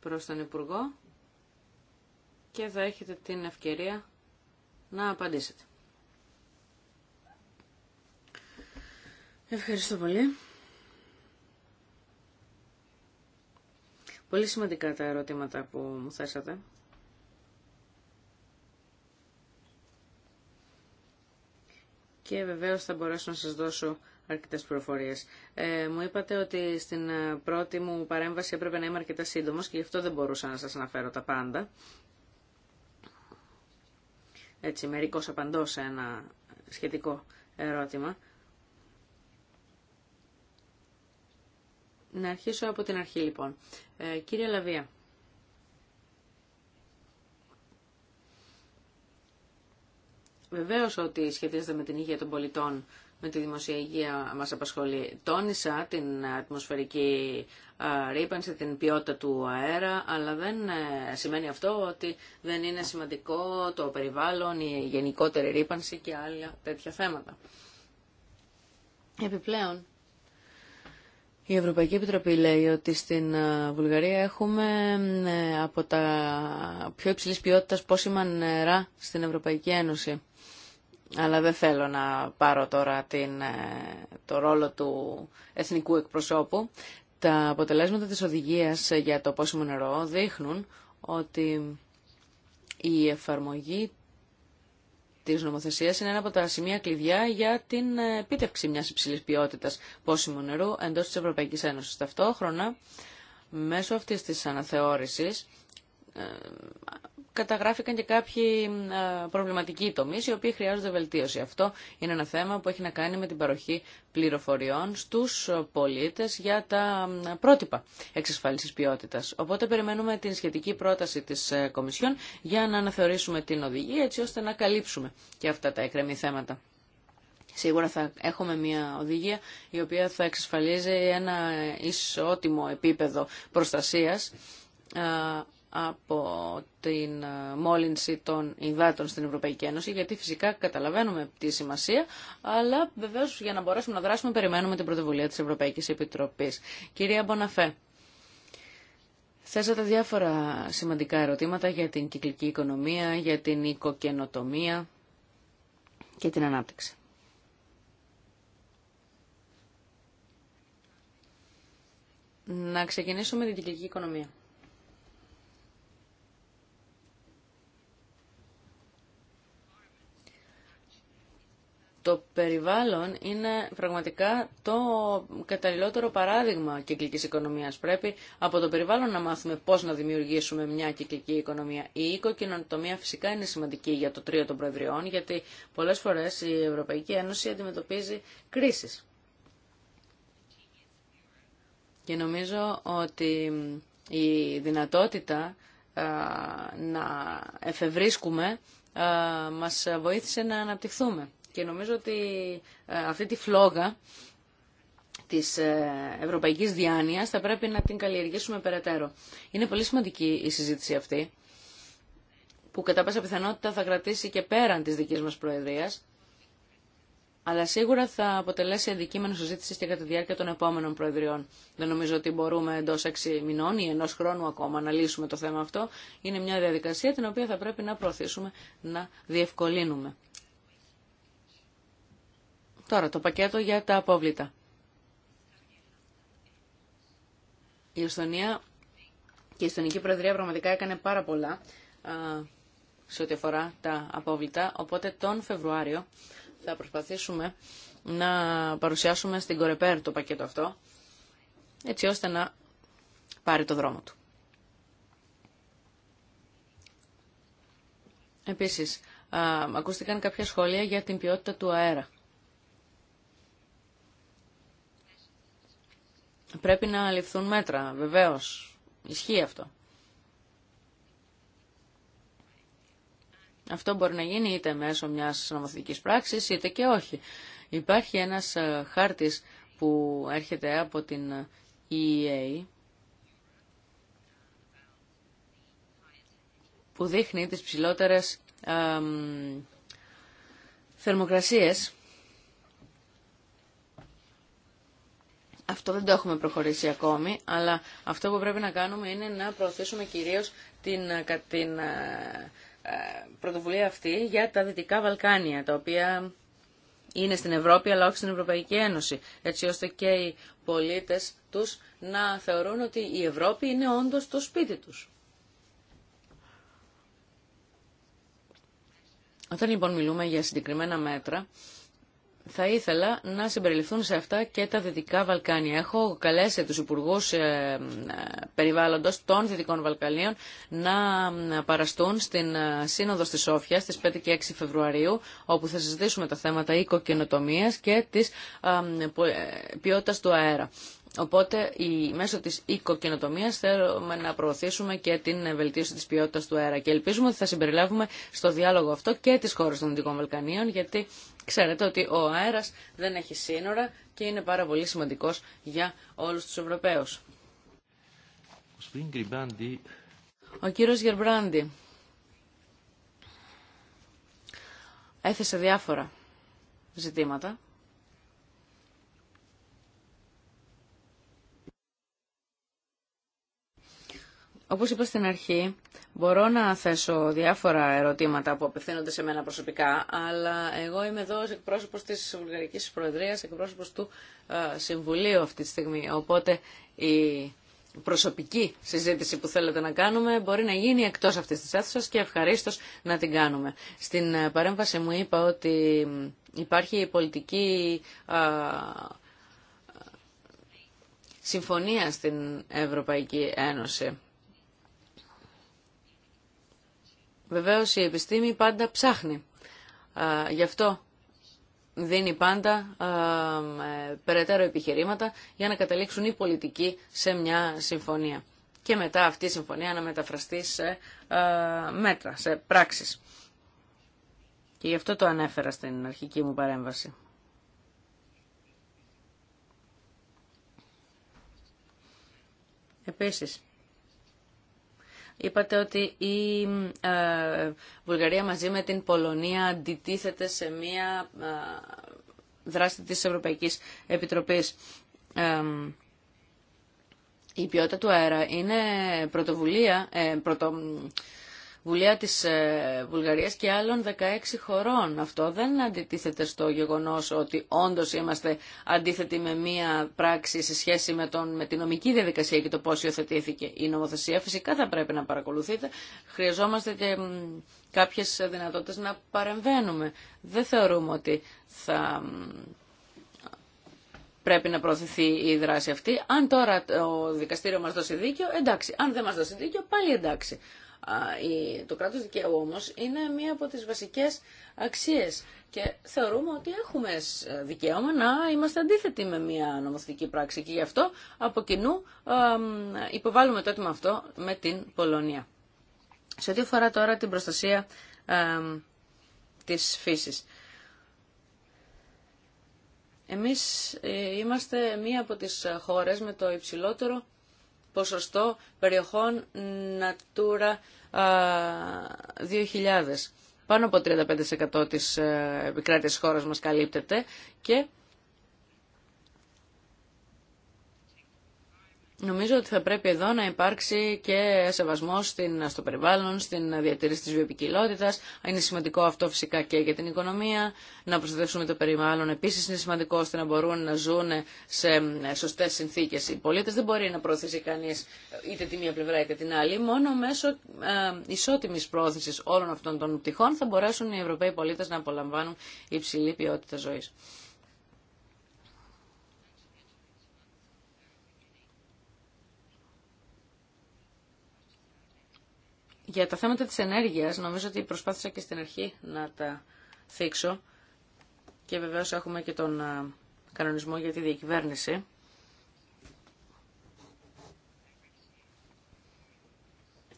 προς τον Υπουργό και θα έχετε την ευκαιρία να απαντήσετε. Ευχαριστώ πολύ. Πολύ σημαντικά τα ερωτήματα που μου θέσατε. και βεβαίως θα μπορέσω να σας δώσω αρκετές προφορίες. Ε, μου είπατε ότι στην ε, πρώτη μου παρέμβαση έπρεπε να είμαι αρκετά σύντομος και γι' αυτό δεν μπορούσα να σας αναφέρω τα πάντα. Έτσι, μερικώς απαντώ σε ένα σχετικό ερώτημα. Να αρχίσω από την αρχή λοιπόν. Ε, κύριε Λαβία, Βεβαίω ότι σχετίζεται με την υγεία των πολιτών, με τη δημοσία υγεία μας απασχολεί. Τόνισα την ατμοσφαιρική ρήπανση, την ποιότητα του αέρα, αλλά δεν ε, σημαίνει αυτό ότι δεν είναι σημαντικό το περιβάλλον, η γενικότερη ρήπανση και άλλα τέτοια θέματα. Επιπλέον, η Ευρωπαϊκή Επιτροπή λέει ότι στην ε, Βουλγαρία έχουμε ε, από τα πιο υψηλής ποιότητας πόσιμα νερά στην Ευρωπαϊκή Ένωση αλλά δεν θέλω να πάρω τώρα την, ε, το ρόλο του εθνικού εκπροσώπου. Τα αποτελέσματα της οδηγίας για το πόσιμο νερό δείχνουν ότι η εφαρμογή της νομοθεσίας είναι ένα από τα σημεία κλειδιά για την επίτευξη μιας υψηλής ποιότητας πόσιμου νερού εντός της Ευρωπαϊκής Ένωσης. Ταυτόχρονα, μέσω αυτής της αναθεώρησης, ε, καταγράφηκαν και κάποιοι ε, προβληματικοί τομεί, οι οποίοι χρειάζονται βελτίωση. Αυτό είναι ένα θέμα που έχει να κάνει με την παροχή πληροφοριών στους πολίτες για τα πρότυπα εξασφάλιση ποιότητας. Οπότε περιμένουμε την σχετική πρόταση της ε, Κομισιόν για να αναθεωρήσουμε την οδηγία έτσι ώστε να καλύψουμε και αυτά τα εκρεμή θέματα. Σίγουρα θα έχουμε μια οδηγία η οποία θα εξασφαλίζει ένα ισότιμο επίπεδο προστασίας ε, από την ε, μόλυνση των υδάτων στην Ευρωπαϊκή Ένωση, γιατί φυσικά καταλαβαίνουμε τη σημασία, αλλά βεβαίω για να μπορέσουμε να δράσουμε περιμένουμε την πρωτοβουλία της Ευρωπαϊκής Επιτροπής. Κυρία Μποναφέ, θέσατε διάφορα σημαντικά ερωτήματα για την κυκλική οικονομία, για την οικοκαινοτομία και την ανάπτυξη. Να ξεκινήσουμε την κυκλική οικονομία. το περιβάλλον είναι πραγματικά το καταλληλότερο παράδειγμα κυκλική οικονομίας. Πρέπει από το περιβάλλον να μάθουμε πώς να δημιουργήσουμε μια κυκλική οικονομία. Η οικοκοινοτομία φυσικά είναι σημαντική για το τρίο των προεδριών, γιατί πολλές φορές η Ευρωπαϊκή Ένωση αντιμετωπίζει κρίσεις. Και νομίζω ότι η δυνατότητα να εφευρίσκουμε μας βοήθησε να αναπτυχθούμε. Και νομίζω ότι ε, αυτή τη φλόγα της ε, ευρωπαϊκής διάνοιας θα πρέπει να την καλλιεργήσουμε περαιτέρω. Είναι πολύ σημαντική η συζήτηση αυτή που κατά πάσα πιθανότητα θα κρατήσει και πέραν της δικής μας Προεδρίας, αλλά σίγουρα θα αποτελέσει αντικείμενο συζήτηση και κατά τη διάρκεια των επόμενων Προεδριών. Δεν νομίζω ότι μπορούμε εντό έξι μηνών ή ενό χρόνου ακόμα να λύσουμε το θέμα αυτό. Είναι μια διαδικασία την οποία θα πρέπει να προωθήσουμε, να διευκολύνουμε. Τώρα το πακέτο για τα απόβλητα. Η Ιστονία και η Ιστονική Προεδρία πραγματικά έκανε πάρα πολλά σε ό,τι αφορά τα απόβλητα. Οπότε τον Φεβρουάριο θα προσπαθήσουμε να παρουσιάσουμε στην Κορεπέρ το πακέτο αυτό, έτσι ώστε να πάρει το δρόμο του. Επίσης, α, ακούστηκαν κάποια σχόλια για την ποιότητα του αέρα. πρέπει να ληφθούν μέτρα, βεβαίως. Ισχύει αυτό. Αυτό μπορεί να γίνει είτε μέσω μιας νομοθετικής πράξης, είτε και όχι. Υπάρχει ένας ε, χάρτης που έρχεται από την ε, EEA, που δείχνει τις ψηλότερες ε, θερμοκρασίες Αυτό δεν το έχουμε προχωρήσει ακόμη, αλλά αυτό που πρέπει να κάνουμε είναι να προωθήσουμε κυρίως την, ε, την ε, ε, πρωτοβουλία αυτή για τα Δυτικά Βαλκάνια, τα οποία είναι στην Ευρώπη αλλά όχι στην Ευρωπαϊκή Ένωση, έτσι ώστε και οι πολίτες τους να θεωρούν ότι η Ευρώπη είναι όντως το σπίτι τους. Όταν λοιπόν μιλούμε για συγκεκριμένα μέτρα, θα ήθελα να συμπεριληφθούν σε αυτά και τα Δυτικά Βαλκάνια. Έχω καλέσει τους Υπουργούς ε, ε, Περιβάλλοντος των Δυτικών Βαλκανίων να ε, παραστούν στην Σύνοδο στη Σόφια στις 5 και 6 Φεβρουαρίου, όπου θα συζητήσουμε τα θέματα οικοκαινοτομίας και της ποιότητας του αέρα. Οπότε η, μέσω της οικοκαινοτομίας θέλουμε να προωθήσουμε και την βελτίωση της ποιότητας του αέρα και ελπίζουμε ότι θα συμπεριλάβουμε στο διάλογο αυτό και τις χώρες των Δυτικών Βαλκανίων γιατί ξέρετε ότι ο αέρας δεν έχει σύνορα και είναι πάρα πολύ σημαντικός για όλους τους Ευρωπαίους. Ο κύριος Γερμπράντι έθεσε διάφορα ζητήματα. Όπως είπα στην αρχή, μπορώ να θέσω διάφορα ερωτήματα που απευθύνονται σε μένα προσωπικά, αλλά εγώ είμαι εδώ ως εκπρόσωπος της Βουλγαρικής Προεδρίας, εκπρόσωπος του ε, Συμβουλίου αυτή τη στιγμή. Οπότε η προσωπική συζήτηση που θέλετε να κάνουμε μπορεί να γίνει εκτός αυτής της αίθουσα και ευχαρίστω να την κάνουμε. Στην ε, παρέμβαση μου είπα ότι υπάρχει η πολιτική ε, συμφωνία στην Ευρωπαϊκή Ένωση Βεβαίως η επιστήμη πάντα ψάχνει. Γι' αυτό δίνει πάντα περαιτέρω επιχειρήματα για να καταλήξουν οι πολιτικοί σε μια συμφωνία. Και μετά αυτή η συμφωνία να μεταφραστεί σε μέτρα, σε πράξεις. Και γι' αυτό το ανέφερα στην αρχική μου παρέμβαση. Επίσης, Είπατε ότι η ε, Βουλγαρία μαζί με την Πολωνία αντιτίθεται σε μία ε, δράση της Ευρωπαϊκής Επιτροπής. Ε, η ποιότητα του αέρα είναι πρωτοβουλία, πρωτο, Βουλεία της ε, Βουλγαρίας και άλλων 16 χωρών. Αυτό δεν αντιτίθεται στο γεγονός ότι όντως είμαστε αντίθετοι με μία πράξη σε σχέση με, τον, με τη νομική διαδικασία και το πώς υιοθετήθηκε η νομοθεσία. Φυσικά θα πρέπει να παρακολουθείτε. Χρειαζόμαστε και κάποιες δυνατότητες να παρεμβαίνουμε. Δεν θεωρούμε ότι θα πρέπει να προωθηθεί η δράση αυτή. Αν τώρα το δικαστήριο μας δώσει δίκιο, εντάξει. Αν δεν μας δώσει δίκιο, πάλι εντάξει. Το κράτος δικαίου όμως είναι μία από τις βασικές αξίες και θεωρούμε ότι έχουμε δικαίωμα να είμαστε αντίθετοι με μία νομοθετική πράξη και γι' αυτό από κοινού υποβάλλουμε το έτοιμο αυτό με την Πολωνία. Σε ό,τι αφορά τώρα την προστασία της φύσης. Εμείς ε, είμαστε μία από τις χώρες με το υψηλότερο ποσοστό περιοχών Natura 2000. Πάνω από 35% της ε, επικράτειας χώρας μας καλύπτεται και Νομίζω ότι θα πρέπει εδώ να υπάρξει και σεβασμό στο περιβάλλον, στην διατήρηση τη βιοπικιλότητα. Είναι σημαντικό αυτό φυσικά και για την οικονομία. Να προστατεύσουμε το περιβάλλον Επίση είναι σημαντικό ώστε να μπορούν να ζουν σε σωστέ συνθήκε. Οι πολίτε δεν μπορεί να προωθήσει κανεί είτε τη μία πλευρά είτε την άλλη. Μόνο μέσω ε, ισότιμης όλων αυτών των πτυχών θα μπορέσουν οι Ευρωπαίοι πολίτε να απολαμβάνουν υψηλή ποιότητα ζωή. Για τα θέματα της ενέργειας, νομίζω ότι προσπάθησα και στην αρχή να τα θίξω και βεβαίως έχουμε και τον κανονισμό για τη διακυβέρνηση.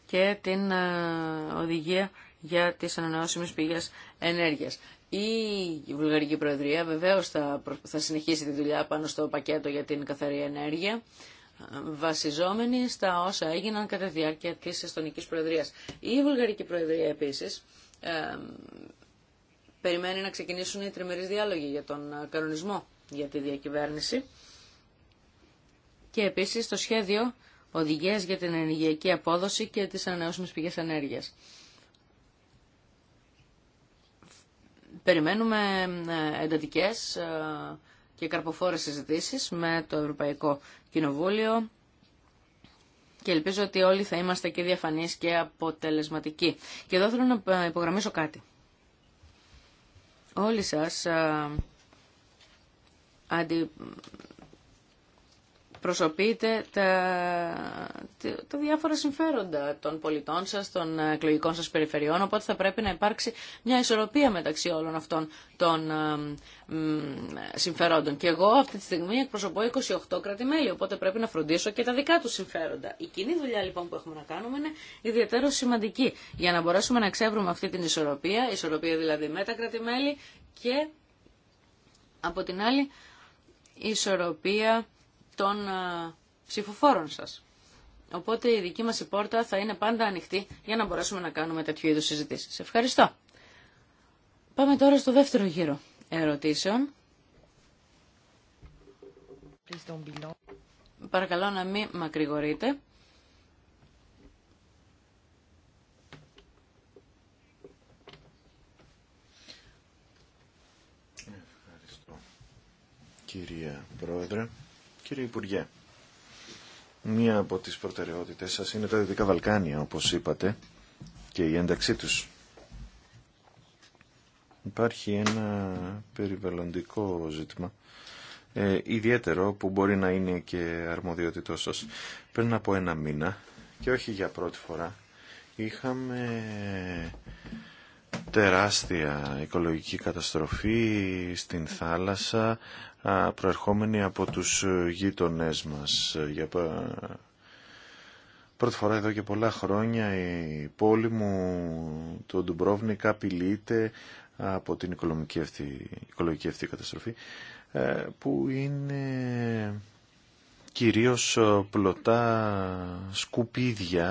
και την οδηγία για τις ανανεώσιμες πηγές ενέργειας. Η Βουλγαρική Προεδρία βεβαίως θα, θα συνεχίσει τη δουλειά πάνω στο πακέτο για την καθαρή ενέργεια βασιζόμενοι στα όσα έγιναν κατά τη διάρκεια της Εστονικής Προεδρίας. Η Βουλγαρική Προεδρία επίσης περιμένει να ξεκινήσουν οι τριμερείς διάλογοι για τον ε, κανονισμό για τη διακυβέρνηση και επίσης το σχέδιο οδηγίες για την ενεργειακή απόδοση και τις ανανεώσιμες πηγές ενέργειας. Περιμένουμε ε, εντατικές ε, και καρποφόρες συζητήσει με το Ευρωπαϊκό Κοινοβούλιο και ελπίζω ότι όλοι θα είμαστε και διαφανείς και αποτελεσματικοί. Και εδώ θέλω να υπογραμμίσω κάτι. Όλοι σας αντι εκπροσωπείτε τα, τα, διάφορα συμφέροντα των πολιτών σας, των εκλογικών σας περιφερειών, οπότε θα πρέπει να υπάρξει μια ισορροπία μεταξύ όλων αυτών των συμφερόντων. Και εγώ αυτή τη στιγμή εκπροσωπώ 28 κρατημέλη, οπότε πρέπει να φροντίσω και τα δικά του συμφέροντα. Η κοινή δουλειά λοιπόν που έχουμε να κάνουμε είναι ιδιαίτερο σημαντική για να μπορέσουμε να εξεύρουμε αυτή την ισορροπία, ισορροπία δηλαδή με τα κρατημέλη και από την άλλη ισορροπία των ε, ψηφοφόρων σας. Οπότε η δική μας η πόρτα θα είναι πάντα ανοιχτή για να μπορέσουμε να κάνουμε τέτοιου είδους συζητήσεις. Ευχαριστώ. Πάμε τώρα στο δεύτερο γύρο ερωτήσεων. Παρακαλώ να μην μακρηγορείτε. Ευχαριστώ. Κυρία Πρόεδρε. Κύριε Υπουργέ, μία από τις προτεραιότητες σας είναι τα Δυτικά Βαλκάνια, όπως είπατε, και η ένταξή τους. Υπάρχει ένα περιβαλλοντικό ζήτημα, ε, ιδιαίτερο, που μπορεί να είναι και αρμοδιότητός σας. Πριν από ένα μήνα, και όχι για πρώτη φορά, είχαμε τεράστια οικολογική καταστροφή στην θάλασσα προερχόμενοι από τους ε, γείτονές μας. Ε, για πρώτη φορά εδώ και πολλά χρόνια η πόλη μου, το Ντουμπρόβνικ, απειλείται από την οικολογική αυτή, οικολογική αυτή καταστροφή ε, που είναι κυρίως πλωτά σκουπίδια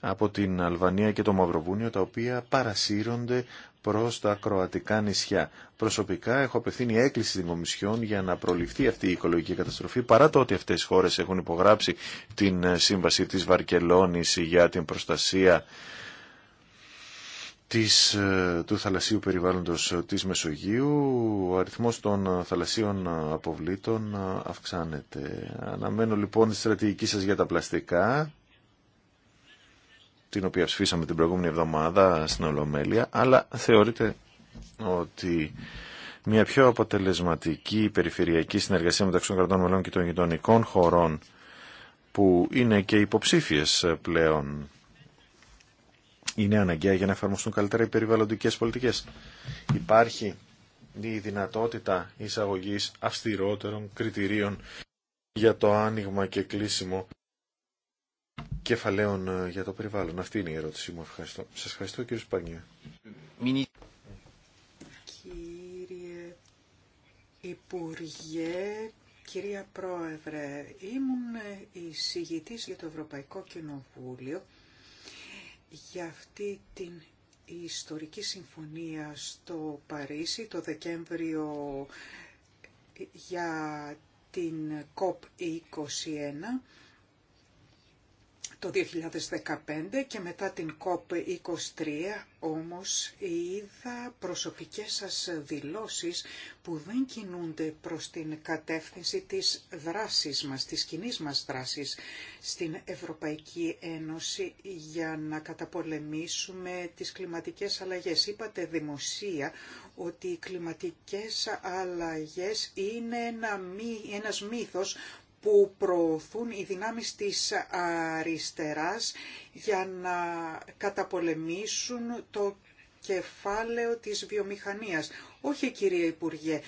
από την Αλβανία και το Μαυροβούνιο τα οποία παρασύρονται προς τα κροατικά νησιά. Προσωπικά έχω απευθύνει έκκληση στην Κομισιόν για να προληφθεί αυτή η οικολογική καταστροφή παρά το ότι αυτές οι χώρες έχουν υπογράψει την ε, σύμβαση της Βαρκελόνης για την προστασία της, ε, του θαλασσίου περιβάλλοντος της Μεσογείου, ο αριθμός των ε, θαλασσίων αποβλήτων αυξάνεται. Αναμένω λοιπόν τη στρατηγική σας για τα πλαστικά την οποία ψηφίσαμε την προηγούμενη εβδομάδα στην Ολομέλεια, αλλά θεωρείται ότι μια πιο αποτελεσματική περιφερειακή συνεργασία μεταξύ των κρατών μελών και των γειτονικών χωρών που είναι και υποψήφιες πλέον είναι αναγκαία για να εφαρμοστούν καλύτερα οι περιβαλλοντικές πολιτικές. Υπάρχει η δυνατότητα εισαγωγής αυστηρότερων κριτηρίων για το άνοιγμα και κλείσιμο κεφαλαίων ε, για το περιβάλλον. Αυτή είναι η ερώτησή μου. Ευχαριστώ. Σας ευχαριστώ κύριε Σπανία. Κύριε Υπουργέ, κυρία Πρόεδρε, ήμουν εισηγητής για το Ευρωπαϊκό Κοινοβούλιο για αυτή την ιστορική συμφωνία στο Παρίσι το Δεκέμβριο για την COP21 το 2015 και μετά την COP23 όμως είδα προσωπικές σας δηλώσεις που δεν κινούνται προς την κατεύθυνση της δράσης μας, της κοινή μας δράσης στην Ευρωπαϊκή Ένωση για να καταπολεμήσουμε τις κλιματικές αλλαγές. Είπατε δημοσία ότι οι κλιματικές αλλαγές είναι ένα μύ, ένας μύθος που προωθούν οι δυνάμεις της αριστεράς για να καταπολεμήσουν το κεφάλαιο της βιομηχανίας. Όχι κύριε Υπουργέ,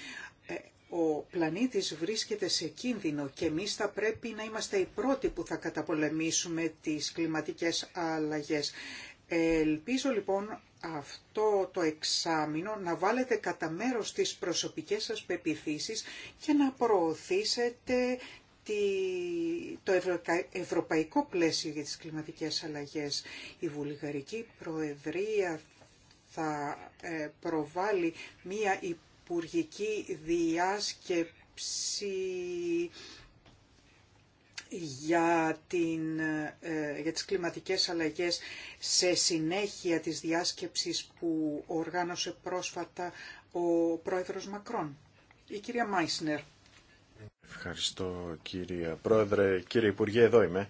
ε, ο πλανήτης βρίσκεται σε κίνδυνο και εμείς θα πρέπει να είμαστε οι πρώτοι που θα καταπολεμήσουμε τις κλιματικές αλλαγές. Ελπίζω λοιπόν αυτό το εξάμεινο να βάλετε κατά μέρος τις προσωπικές σας πεπιθήσεις και να προωθήσετε το ευρωπαϊκό πλαίσιο για τις κλιματικές αλλαγές. Η Βουλγαρική Προεδρία θα ε, προβάλλει μία υπουργική διάσκεψη για, την, ε, για τις κλιματικές αλλαγές σε συνέχεια της διάσκεψης που οργάνωσε πρόσφατα ο πρόεδρος Μακρόν, η κυρία Μάισνερ. Ευχαριστώ κύριε Πρόεδρε. Κύριε Υπουργέ, εδώ είμαι.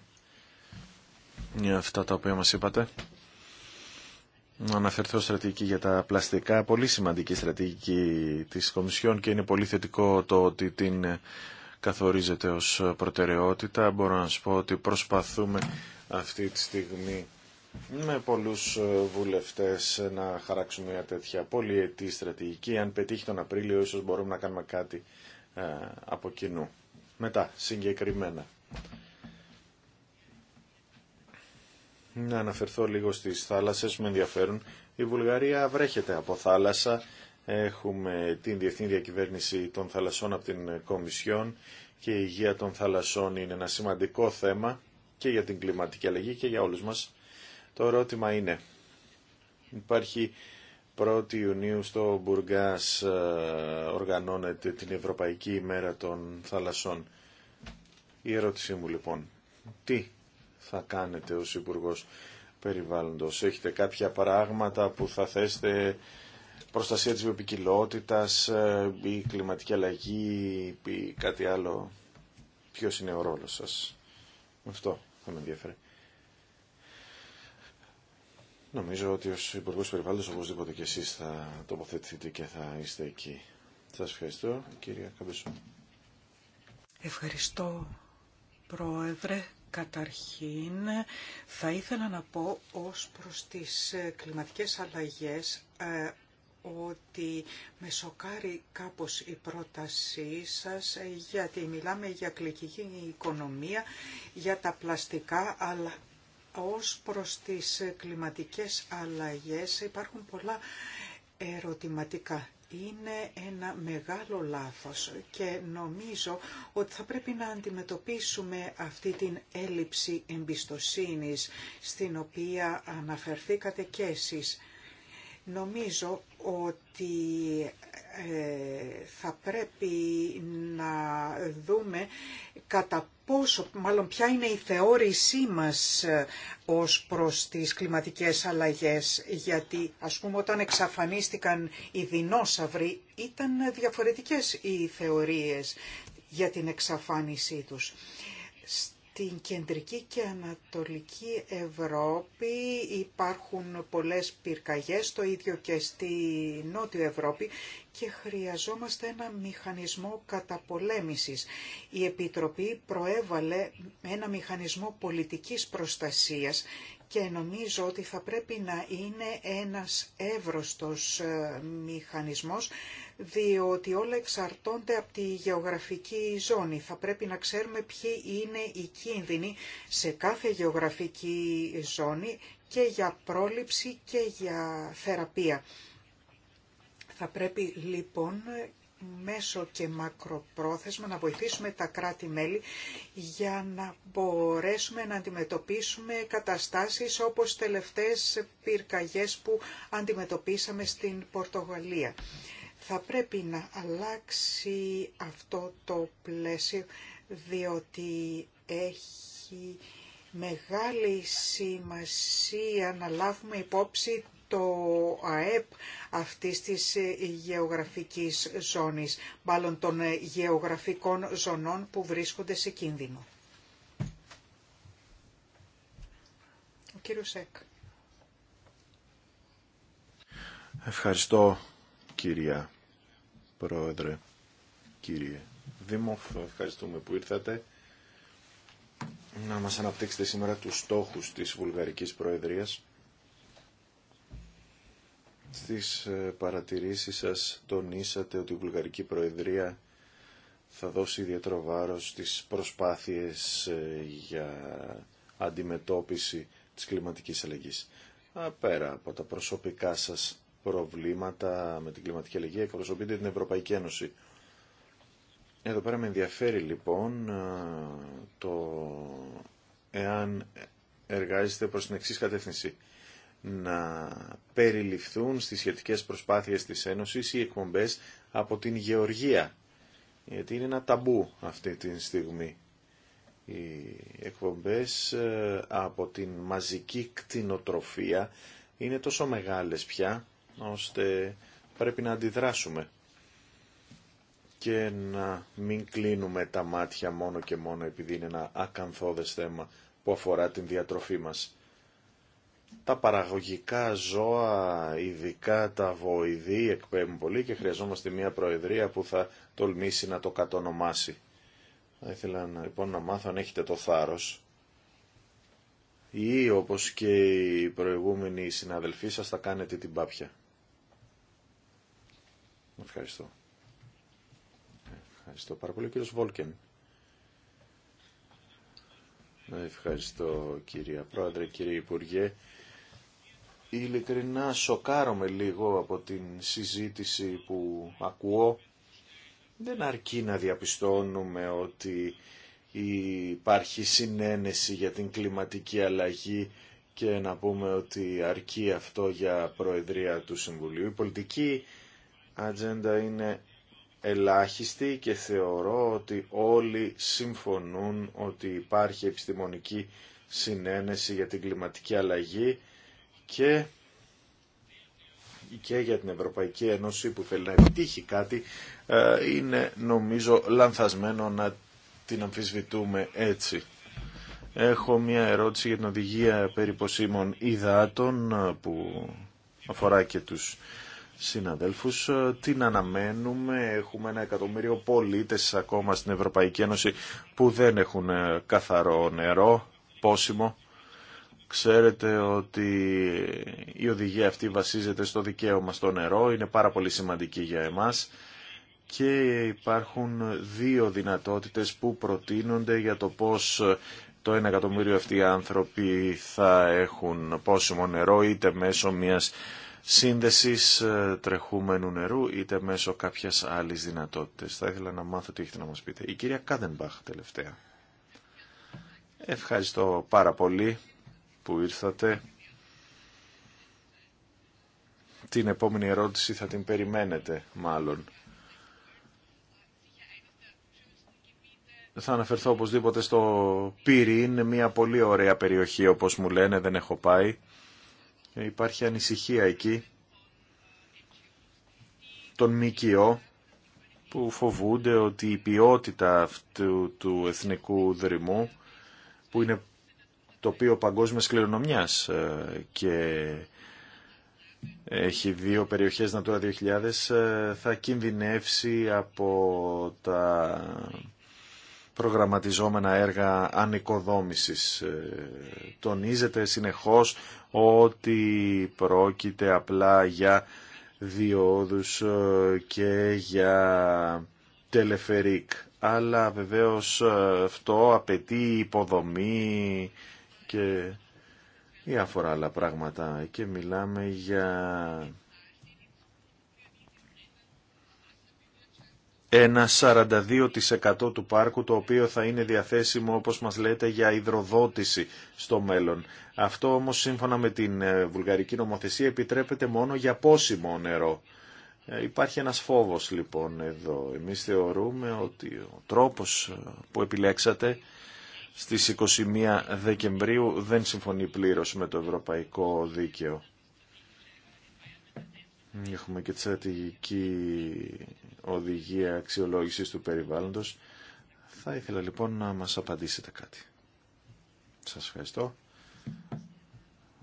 Για αυτά τα οποία μας είπατε. Να αναφερθώ στρατηγική για τα πλαστικά. Πολύ σημαντική στρατηγική της Κομισιόν και είναι πολύ θετικό το ότι την καθορίζεται ως προτεραιότητα. Μπορώ να σας πω ότι προσπαθούμε αυτή τη στιγμή με πολλούς βουλευτές να χαράξουμε μια τέτοια πολυετή στρατηγική. Αν πετύχει τον Απρίλιο, ίσως μπορούμε να κάνουμε κάτι ε, από κοινού. Μετά, συγκεκριμένα. Να αναφερθώ λίγο στις θάλασσες που με ενδιαφέρουν. Η Βουλγαρία βρέχεται από θάλασσα. Έχουμε την Διεθνή Διακυβέρνηση των Θαλασσών από την Κομισιόν και η υγεία των θαλασσών είναι ένα σημαντικό θέμα και για την κλιματική αλλαγή και για όλους μας. Το ερώτημα είναι, υπάρχει 1η Ιουνίου στο Μπουργκάς ε, οργανώνεται την Ευρωπαϊκή ημέρα των θαλασσών. Η ερώτησή μου λοιπόν, τι θα κάνετε ως Υπουργό Περιβάλλοντος. Έχετε κάποια πράγματα που θα θέσετε προστασία της βιοπικιλότητας ή ε, κλιματική αλλαγή ή κάτι άλλο. Ποιος είναι ο ρόλος σας. Αυτό θα με ενδιαφέρει. Νομίζω ότι ως Υπουργός Περιβάλλοντος οπωσδήποτε και εσείς θα τοποθετηθείτε και θα είστε εκεί. Σας ευχαριστώ, κυρία Καμπεσού. Ευχαριστώ, Πρόεδρε. Καταρχήν, θα ήθελα να πω ως προς τις ε, κλιματικές αλλαγές ε, ότι με σοκάρει κάπως η πρότασή σας ε, γιατί μιλάμε για κλικική οικονομία, για τα πλαστικά αλλά ως προς τις κλιματικές αλλαγές υπάρχουν πολλά ερωτηματικά. Είναι ένα μεγάλο λάθος και νομίζω ότι θα πρέπει να αντιμετωπίσουμε αυτή την έλλειψη εμπιστοσύνης στην οποία αναφερθήκατε και εσείς. Νομίζω ότι ε, θα πρέπει να δούμε κατά πόσο, μάλλον ποια είναι η θεώρησή μας ε, ως προς τις κλιματικές αλλαγές, γιατί ας πούμε όταν εξαφανίστηκαν οι δεινόσαυροι ήταν διαφορετικές οι θεωρίες για την εξαφάνισή τους την κεντρική και ανατολική Ευρώπη υπάρχουν πολλές πυρκαγιές, το ίδιο και στη Νότιο Ευρώπη και χρειαζόμαστε ένα μηχανισμό καταπολέμησης. Η Επιτροπή προέβαλε ένα μηχανισμό πολιτικής προστασίας και νομίζω ότι θα πρέπει να είναι ένας εύρωστος ε, μηχανισμός διότι όλα εξαρτώνται από τη γεωγραφική ζώνη. Θα πρέπει να ξέρουμε ποιοι είναι οι κίνδυνοι σε κάθε γεωγραφική ζώνη και για πρόληψη και για θεραπεία. Θα πρέπει λοιπόν μέσω και μακροπρόθεσμα να βοηθήσουμε τα κράτη-μέλη για να μπορέσουμε να αντιμετωπίσουμε καταστάσεις όπως τελευταίες πυρκαγιές που αντιμετωπίσαμε στην Πορτογαλία. Θα πρέπει να αλλάξει αυτό το πλαίσιο διότι έχει μεγάλη σημασία να λάβουμε υπόψη το ΑΕΠ αυτής της γεωγραφικής ζώνης, μάλλον των γεωγραφικών ζωνών που βρίσκονται σε κίνδυνο. Ο Ευχαριστώ κυρία Πρόεδρε, κύριε Δήμοφ, ευχαριστούμε που ήρθατε να μας αναπτύξετε σήμερα τους στόχους της Βουλγαρικής Προεδρίας στις ε, παρατηρήσεις σας τονίσατε ότι η Βουλγαρική Προεδρία θα δώσει ιδιαίτερο βάρος στις προσπάθειες ε, για αντιμετώπιση της κλιματικής αλλαγής. Απέρα πέρα από τα προσωπικά σας προβλήματα με την κλιματική αλλαγή εκπροσωπείται την Ευρωπαϊκή Ένωση. Εδώ πέρα με ενδιαφέρει λοιπόν ε, το εάν εργάζεστε προς την εξή κατεύθυνση να περιληφθούν στις σχετικές προσπάθειες της Ένωσης οι εκπομπές από την γεωργία. Γιατί είναι ένα ταμπού αυτή τη στιγμή. Οι εκπομπές ε, από την μαζική κτηνοτροφία είναι τόσο μεγάλες πια ώστε πρέπει να αντιδράσουμε και να μην κλείνουμε τα μάτια μόνο και μόνο επειδή είναι ένα ακαθόδες θέμα που αφορά την διατροφή μας. Τα παραγωγικά ζώα, ειδικά τα βοηδή, εκπέμπουν πολύ και χρειαζόμαστε μια προεδρία που θα τολμήσει να το κατονομάσει. Θα ήθελα λοιπόν να μάθω αν έχετε το θάρρος ή όπως και οι προηγούμενοι συναδελφοί σας θα κάνετε την πάπια. Ευχαριστώ. Ευχαριστώ πάρα πολύ, κύριος Βόλκεν. Ευχαριστώ, κύρια Πρόεδρε, κύριε Υπουργέ. Ειλικρινά σοκάρομαι λίγο από την συζήτηση που ακούω. Δεν αρκεί να διαπιστώνουμε ότι υπάρχει συνένεση για την κλιματική αλλαγή και να πούμε ότι αρκεί αυτό για Προεδρία του Συμβουλίου. Η πολιτική ατζέντα είναι ελάχιστη και θεωρώ ότι όλοι συμφωνούν ότι υπάρχει επιστημονική συνένεση για την κλιματική αλλαγή και, και για την Ευρωπαϊκή Ένωση που θέλει να επιτύχει κάτι ε, είναι νομίζω λανθασμένο να την αμφισβητούμε έτσι. Έχω μια ερώτηση για την οδηγία περί ποσίμων υδάτων ε, που αφορά και τους συναδέλφους. Ε, την αναμένουμε. Έχουμε ένα εκατομμύριο πολίτες ακόμα στην Ευρωπαϊκή Ένωση που δεν έχουν ε, καθαρό νερό, πόσιμο. Ξέρετε ότι η οδηγία αυτή βασίζεται στο δικαίωμα στο νερό, είναι πάρα πολύ σημαντική για εμάς και υπάρχουν δύο δυνατότητες που προτείνονται για το πώς ε, το ένα εκατομμύριο αυτοί οι άνθρωποι θα έχουν πόσιμο νερό είτε μέσω μιας σύνδεσης ε, τρεχούμενου νερού είτε μέσω κάποιας άλλης δυνατότητας. Θα ήθελα να μάθω τι έχετε να μας πείτε. Η κυρία Κάδενμπαχ, τελευταία. Ευχαριστώ πάρα πολύ που ήρθατε. Την επόμενη ερώτηση θα την περιμένετε μάλλον. Θα αναφερθώ οπωσδήποτε στο Πύρι. Είναι μια πολύ ωραία περιοχή όπως μου λένε, δεν έχω πάει. Υπάρχει ανησυχία εκεί τον ΜΚΟ που φοβούνται ότι η ποιότητα αυτού του εθνικού δρυμού που είναι το οποίο παγκόσμιας κληρονομιάς ε, και έχει δύο περιοχές Natura 2000 ε, θα κινδυνεύσει από τα προγραμματιζόμενα έργα ανοικοδόμησης. Ε, τονίζεται συνεχώς ότι πρόκειται απλά για διόδους ε, και για τελεφερίκ. Αλλά βεβαίως ε, αυτό απαιτεί υποδομή και διάφορα άλλα πράγματα. Και μιλάμε για ένα 42% του πάρκου το οποίο θα είναι διαθέσιμο όπως μας λέτε για υδροδότηση στο μέλλον. Αυτό όμως σύμφωνα με την ε, βουλγαρική νομοθεσία επιτρέπεται μόνο για πόσιμο νερό. Ε, υπάρχει ένας φόβος λοιπόν εδώ. Εμείς θεωρούμε ότι ο τρόπος ε, που επιλέξατε στις 21 Δεκεμβρίου δεν συμφωνεί πλήρως με το ευρωπαϊκό δίκαιο. Έχουμε και τη οδηγία αξιολόγησης του περιβάλλοντος. Θα ήθελα λοιπόν να μας απαντήσετε κάτι. Σας ευχαριστώ.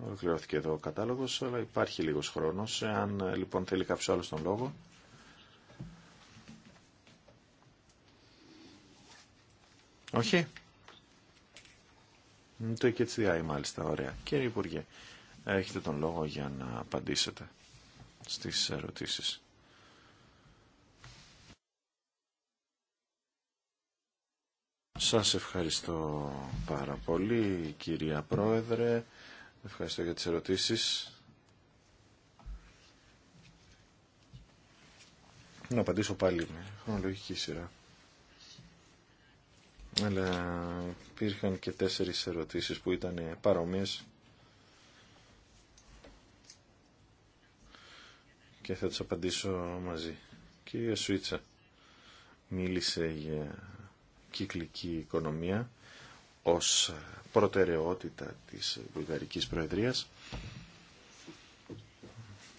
Ολοκληρώθηκε εδώ ο κατάλογος, αλλά υπάρχει λίγος χρόνος. Αν λοιπόν θέλει κάποιος άλλος τον λόγο. Όχι. Το διάει μάλιστα, ωραία. Κύριε Υπουργέ, έχετε τον λόγο για να απαντήσετε στις ερωτήσεις. Σας ευχαριστώ πάρα πολύ κυρία Πρόεδρε. Ευχαριστώ για τις ερωτήσεις. Να απαντήσω πάλι με χρονολογική σειρά. Αλλά υπήρχαν και τέσσερις ερωτήσεις που ήταν παρόμοιες και θα τις απαντήσω μαζί. Κυρία Σουίτσα μίλησε για κυκλική οικονομία ως προτεραιότητα της Βουλγαρικής Προεδρίας.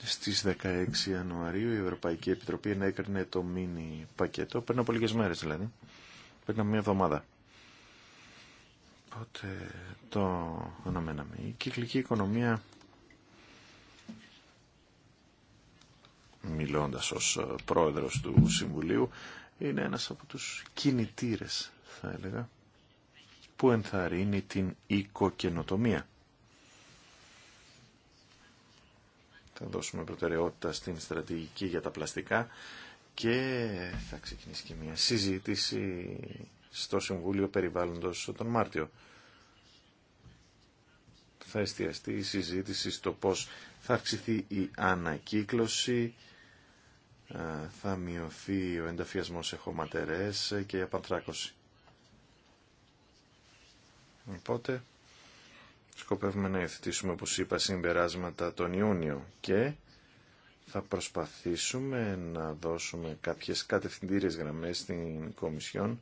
Στις 16 Ιανουαρίου η Ευρωπαϊκή Επιτροπή ενέκρινε το μίνι πακέτο, πριν από λίγες μέρες δηλαδή, πριν από μια εβδομάδα. Οπότε το αναμέναμε. Η κυκλική οικονομία, μιλώντας ως πρόεδρος του Συμβουλίου, είναι ένας από τους κινητήρες, θα έλεγα, που ενθαρρύνει την οικοκαινοτομία. Θα δώσουμε προτεραιότητα στην στρατηγική για τα πλαστικά και θα ξεκινήσει και μια συζήτηση στο Συμβούλιο Περιβάλλοντος τον Μάρτιο. Θα εστιαστεί η συζήτηση στο πώς θα αυξηθεί η ανακύκλωση ε, θα μειωθεί ο ενταφιασμός σε χωματερές και η απαντράκωση. Οπότε σκοπεύουμε να ευθύσουμε όπως είπα συμπεράσματα τον Ιούνιο και θα προσπαθήσουμε να δώσουμε κάποιες κατευθυντήριες γραμμές στην Κομισιόν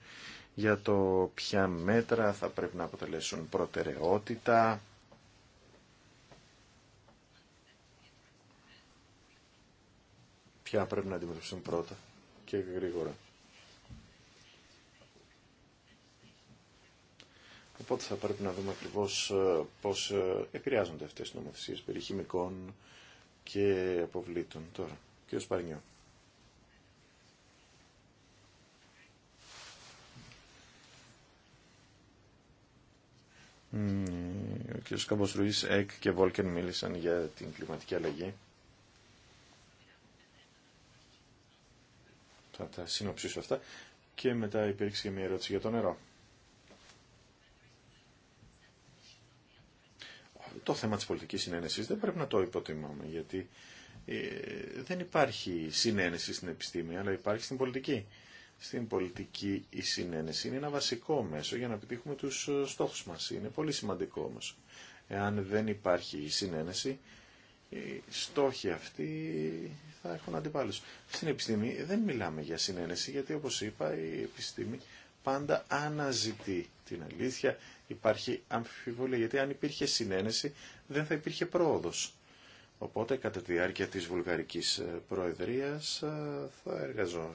για το ποια μέτρα θα πρέπει να αποτελέσουν προτεραιότητα ποια πρέπει να αντιμετωπιστούν πρώτα και γρήγορα. Οπότε θα πρέπει να δούμε ακριβώ ε, πώς ε, επηρεάζονται αυτές οι νομοθεσίες περί χημικών και αποβλήτων τώρα. Κύριο Σπαρνιό. Ο κ. Καμποστρουής, ΕΚ και Βόλκεν μίλησαν για την κλιματική αλλαγή. θα τα συνοψίσω αυτά και μετά υπήρξε και μια ερώτηση για το νερό. Το θέμα της πολιτικής συνένεσης δεν πρέπει να το υποτιμάμε γιατί ε, δεν υπάρχει συνένεση στην επιστήμη αλλά υπάρχει στην πολιτική. Στην πολιτική η συνένεση είναι ένα βασικό μέσο για να επιτύχουμε τους ε, στόχους μας. Είναι πολύ σημαντικό όμως. Εάν δεν υπάρχει συνένεση οι στόχοι αυτοί θα έχουν αντιπάλους. Στην επιστήμη δεν μιλάμε για συνένεση γιατί όπως είπα η επιστήμη πάντα αναζητεί την αλήθεια. Υπάρχει αμφιβολία γιατί αν υπήρχε συνένεση δεν θα υπήρχε πρόοδος. Οπότε κατά τη διάρκεια της βουλγαρικής ε, προεδρίας ε, θα, εργαζώ...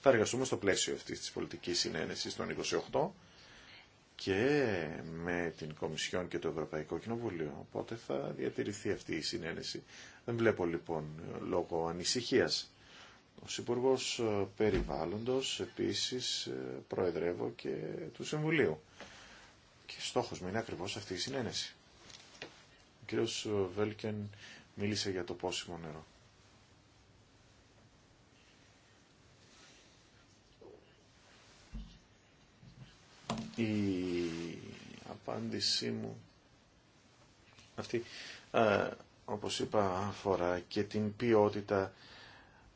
θα εργαστούμε στο πλαίσιο αυτής της πολιτικής συνένεσης των 28 και με την Κομισιόν και το Ευρωπαϊκό Κοινοβούλιο. Οπότε θα διατηρηθεί αυτή η συνένεση. Δεν βλέπω λοιπόν λόγο ανησυχίας. Ο υπουργό ε, Περιβάλλοντος επίσης ε, προεδρεύω και του Συμβουλίου. Και στόχος μου είναι ακριβώς αυτή η συνένεση. Ο κ. Βέλκεν μίλησε για το πόσιμο νερό. Η απάντησή μου αυτή, ε, όπως είπα, αφορά και την ποιότητα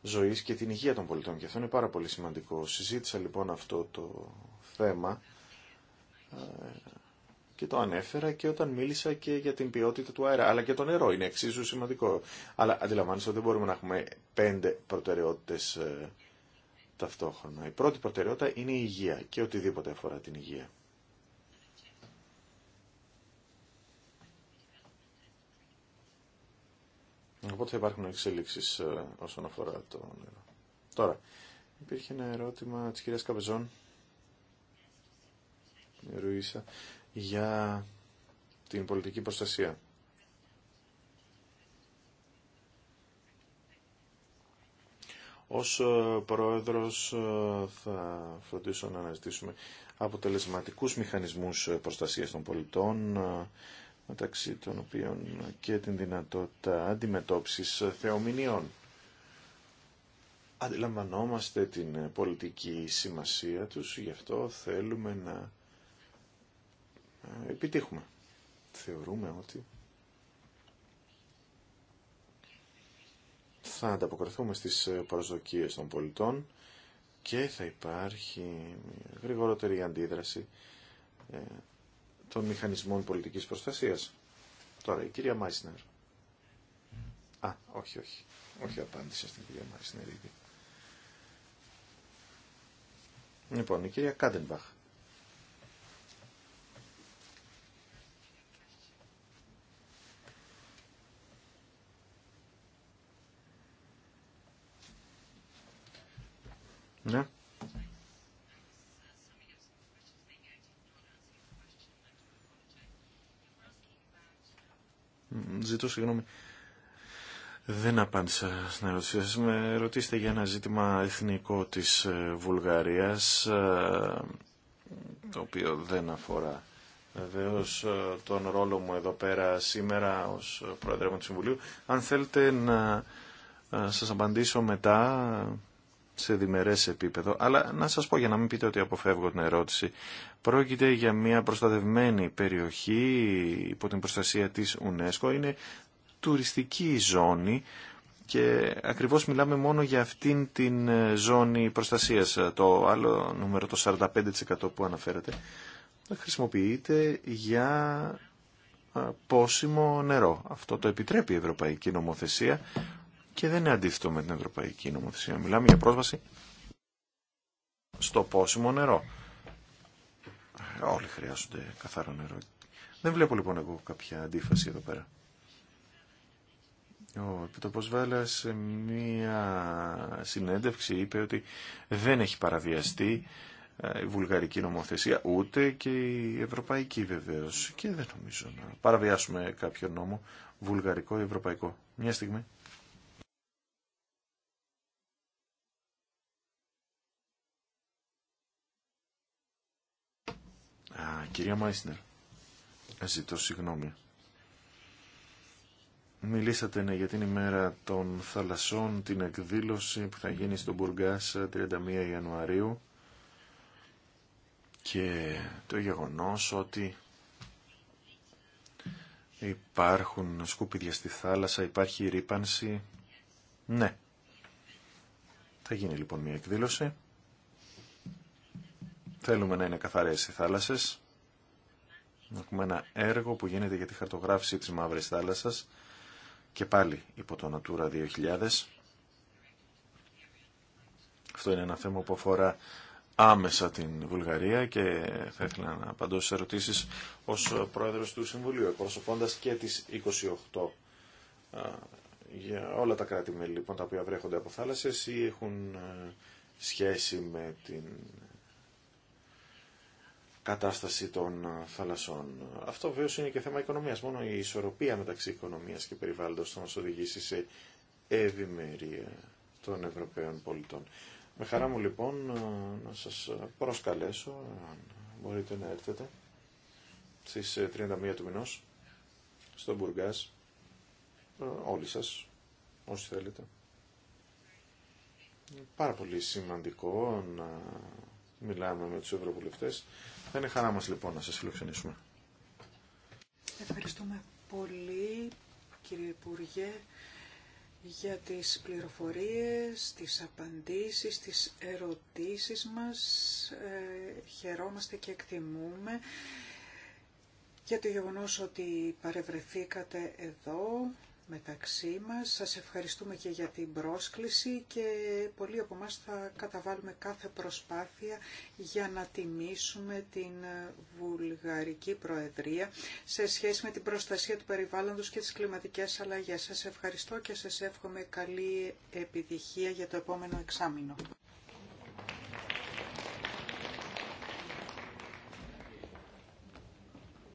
ζωής και την υγεία των πολιτών και αυτό είναι πάρα πολύ σημαντικό. Συζήτησα λοιπόν αυτό το θέμα ε, και το ανέφερα και όταν μίλησα και για την ποιότητα του αέρα. Αλλά και το νερό είναι εξίσου σημαντικό. Αλλά αντιλαμβάνεστε ότι δεν μπορούμε να έχουμε πέντε προτεραιότητες ε, ταυτόχρονα. Η πρώτη προτεραιότητα είναι η υγεία και οτιδήποτε αφορά την υγεία. Οπότε θα υπάρχουν εξέλιξεις ε, όσον αφορά το νερό. Τώρα, υπήρχε ένα ερώτημα τη κυρία Καπεζών, Ρουίσα, για την πολιτική προστασία. Ως ε, πρόεδρος ε, θα φροντίσω να αναζητήσουμε αποτελεσματικούς μηχανισμούς ε, προστασίας των πολιτών, μεταξύ των οποίων και την δυνατότητα αντιμετώπισης θεομηνιών. Αντιλαμβανόμαστε την πολιτική σημασία τους, γι' αυτό θέλουμε να επιτύχουμε. Θεωρούμε ότι θα ανταποκριθούμε στις ε, προσδοκίες των πολιτών και θα υπάρχει γρηγορότερη αντίδραση ε, των μηχανισμών πολιτικής προστασίας. Τώρα, η κυρία Μάισνερ. Α, όχι, όχι. Όχι απάντησα στην κυρία Μάισνερ ήδη. Λοιπόν, η κυρία Κάντενμπαχ. Ναι. Ζητώ συγγνώμη. Δεν απάντησα στην ερώτησή σας. Με ρωτήσετε για ένα ζήτημα εθνικό της ε, Βουλγαρίας, ε, το οποίο δεν αφορά βεβαίω ε, τον ρόλο μου εδώ πέρα σήμερα ως Προεδρεύον του Συμβουλίου. Αν θέλετε να σας απαντήσω μετά σε διμερές επίπεδο. Αλλά να σας πω για να μην πείτε ότι αποφεύγω την ερώτηση. Πρόκειται για μια προστατευμένη περιοχή υπό την προστασία της UNESCO. Είναι τουριστική ζώνη και ακριβώς μιλάμε μόνο για αυτήν την ε, ζώνη προστασίας. Το άλλο νούμερο, το 45% που αναφέρατε, χρησιμοποιείται για ε, πόσιμο νερό. Αυτό το επιτρέπει η Ευρωπαϊκή Νομοθεσία και δεν είναι αντίθετο με την Ευρωπαϊκή Νομοθεσία. Μιλάμε για πρόσβαση στο πόσιμο νερό. Ε, όλοι χρειάζονται καθαρό νερό. Δεν βλέπω λοιπόν εγώ κάποια αντίφαση εδώ πέρα. Ο Επιτροπός Βέλλα σε μία συνέντευξη είπε ότι δεν έχει παραβιαστεί ε, η βουλγαρική νομοθεσία ούτε και η ευρωπαϊκή βεβαίως και δεν νομίζω να παραβιάσουμε κάποιο νόμο βουλγαρικό ή ευρωπαϊκό. Μια στιγμή. Α, κυρία Μάισνερ, ζητώ συγγνώμη. Μιλήσατε ναι, για την ημέρα των θαλασσών, την εκδήλωση που θα γίνει στον Μπουργκάς 31 ε, Ιανουαρίου και το γεγονός ότι υπάρχουν σκουπίδια στη θάλασσα, υπάρχει ρήπανση. Ναι. Θα γίνει λοιπόν μια εκδήλωση Θέλουμε να είναι καθαρές οι θάλασσες. Έχουμε ένα έργο που γίνεται για τη χαρτογράφηση της Μαύρης Θάλασσας και πάλι υπό το Natura 2000. Αυτό είναι ένα θέμα που αφορά άμεσα την Βουλγαρία και θα ήθελα να απαντώ σε ερωτήσεις ως πρόεδρος του Συμβουλίου, εκπροσωπώντας και τις 28 για όλα τα κράτη-μέλη λοιπόν, τα οποία βρέχονται από θάλασσες ή έχουν ε, σχέση με την κατάσταση των ε, θαλασσών. Αυτό βέβαια είναι και θέμα οικονομίας. Μόνο η ισορροπία μεταξύ οικονομίας και περιβάλλοντος θα μας οδηγήσει σε ευημερία των Ευρωπαίων πολιτών. Με χαρά μου λοιπόν ε, να σας προσκαλέσω, αν μπορείτε να έρθετε, στις 31 ε, του μηνός, στο Μπουργκάς, όλοι σας, όσοι θέλετε. Πάρα πολύ σημαντικό να μιλάμε με τους ευρωβουλευτές θα είναι χαρά μας λοιπόν να σας φιλοξενήσουμε. Ευχαριστούμε πολύ κύριε Υπουργέ για τις πληροφορίες, τις απαντήσεις, τις ερωτήσεις μας. Ε, χαιρόμαστε και εκτιμούμε για το γεγονός ότι παρευρεθήκατε εδώ μεταξύ μας. Σας ευχαριστούμε και για την πρόσκληση και πολλοί από εμάς θα καταβάλουμε κάθε προσπάθεια για να τιμήσουμε την Βουλγαρική Προεδρία σε σχέση με την προστασία του περιβάλλοντος και τις κλιματικές αλλαγές. Σας ευχαριστώ και σας εύχομαι καλή επιτυχία για το επόμενο εξάμεινο.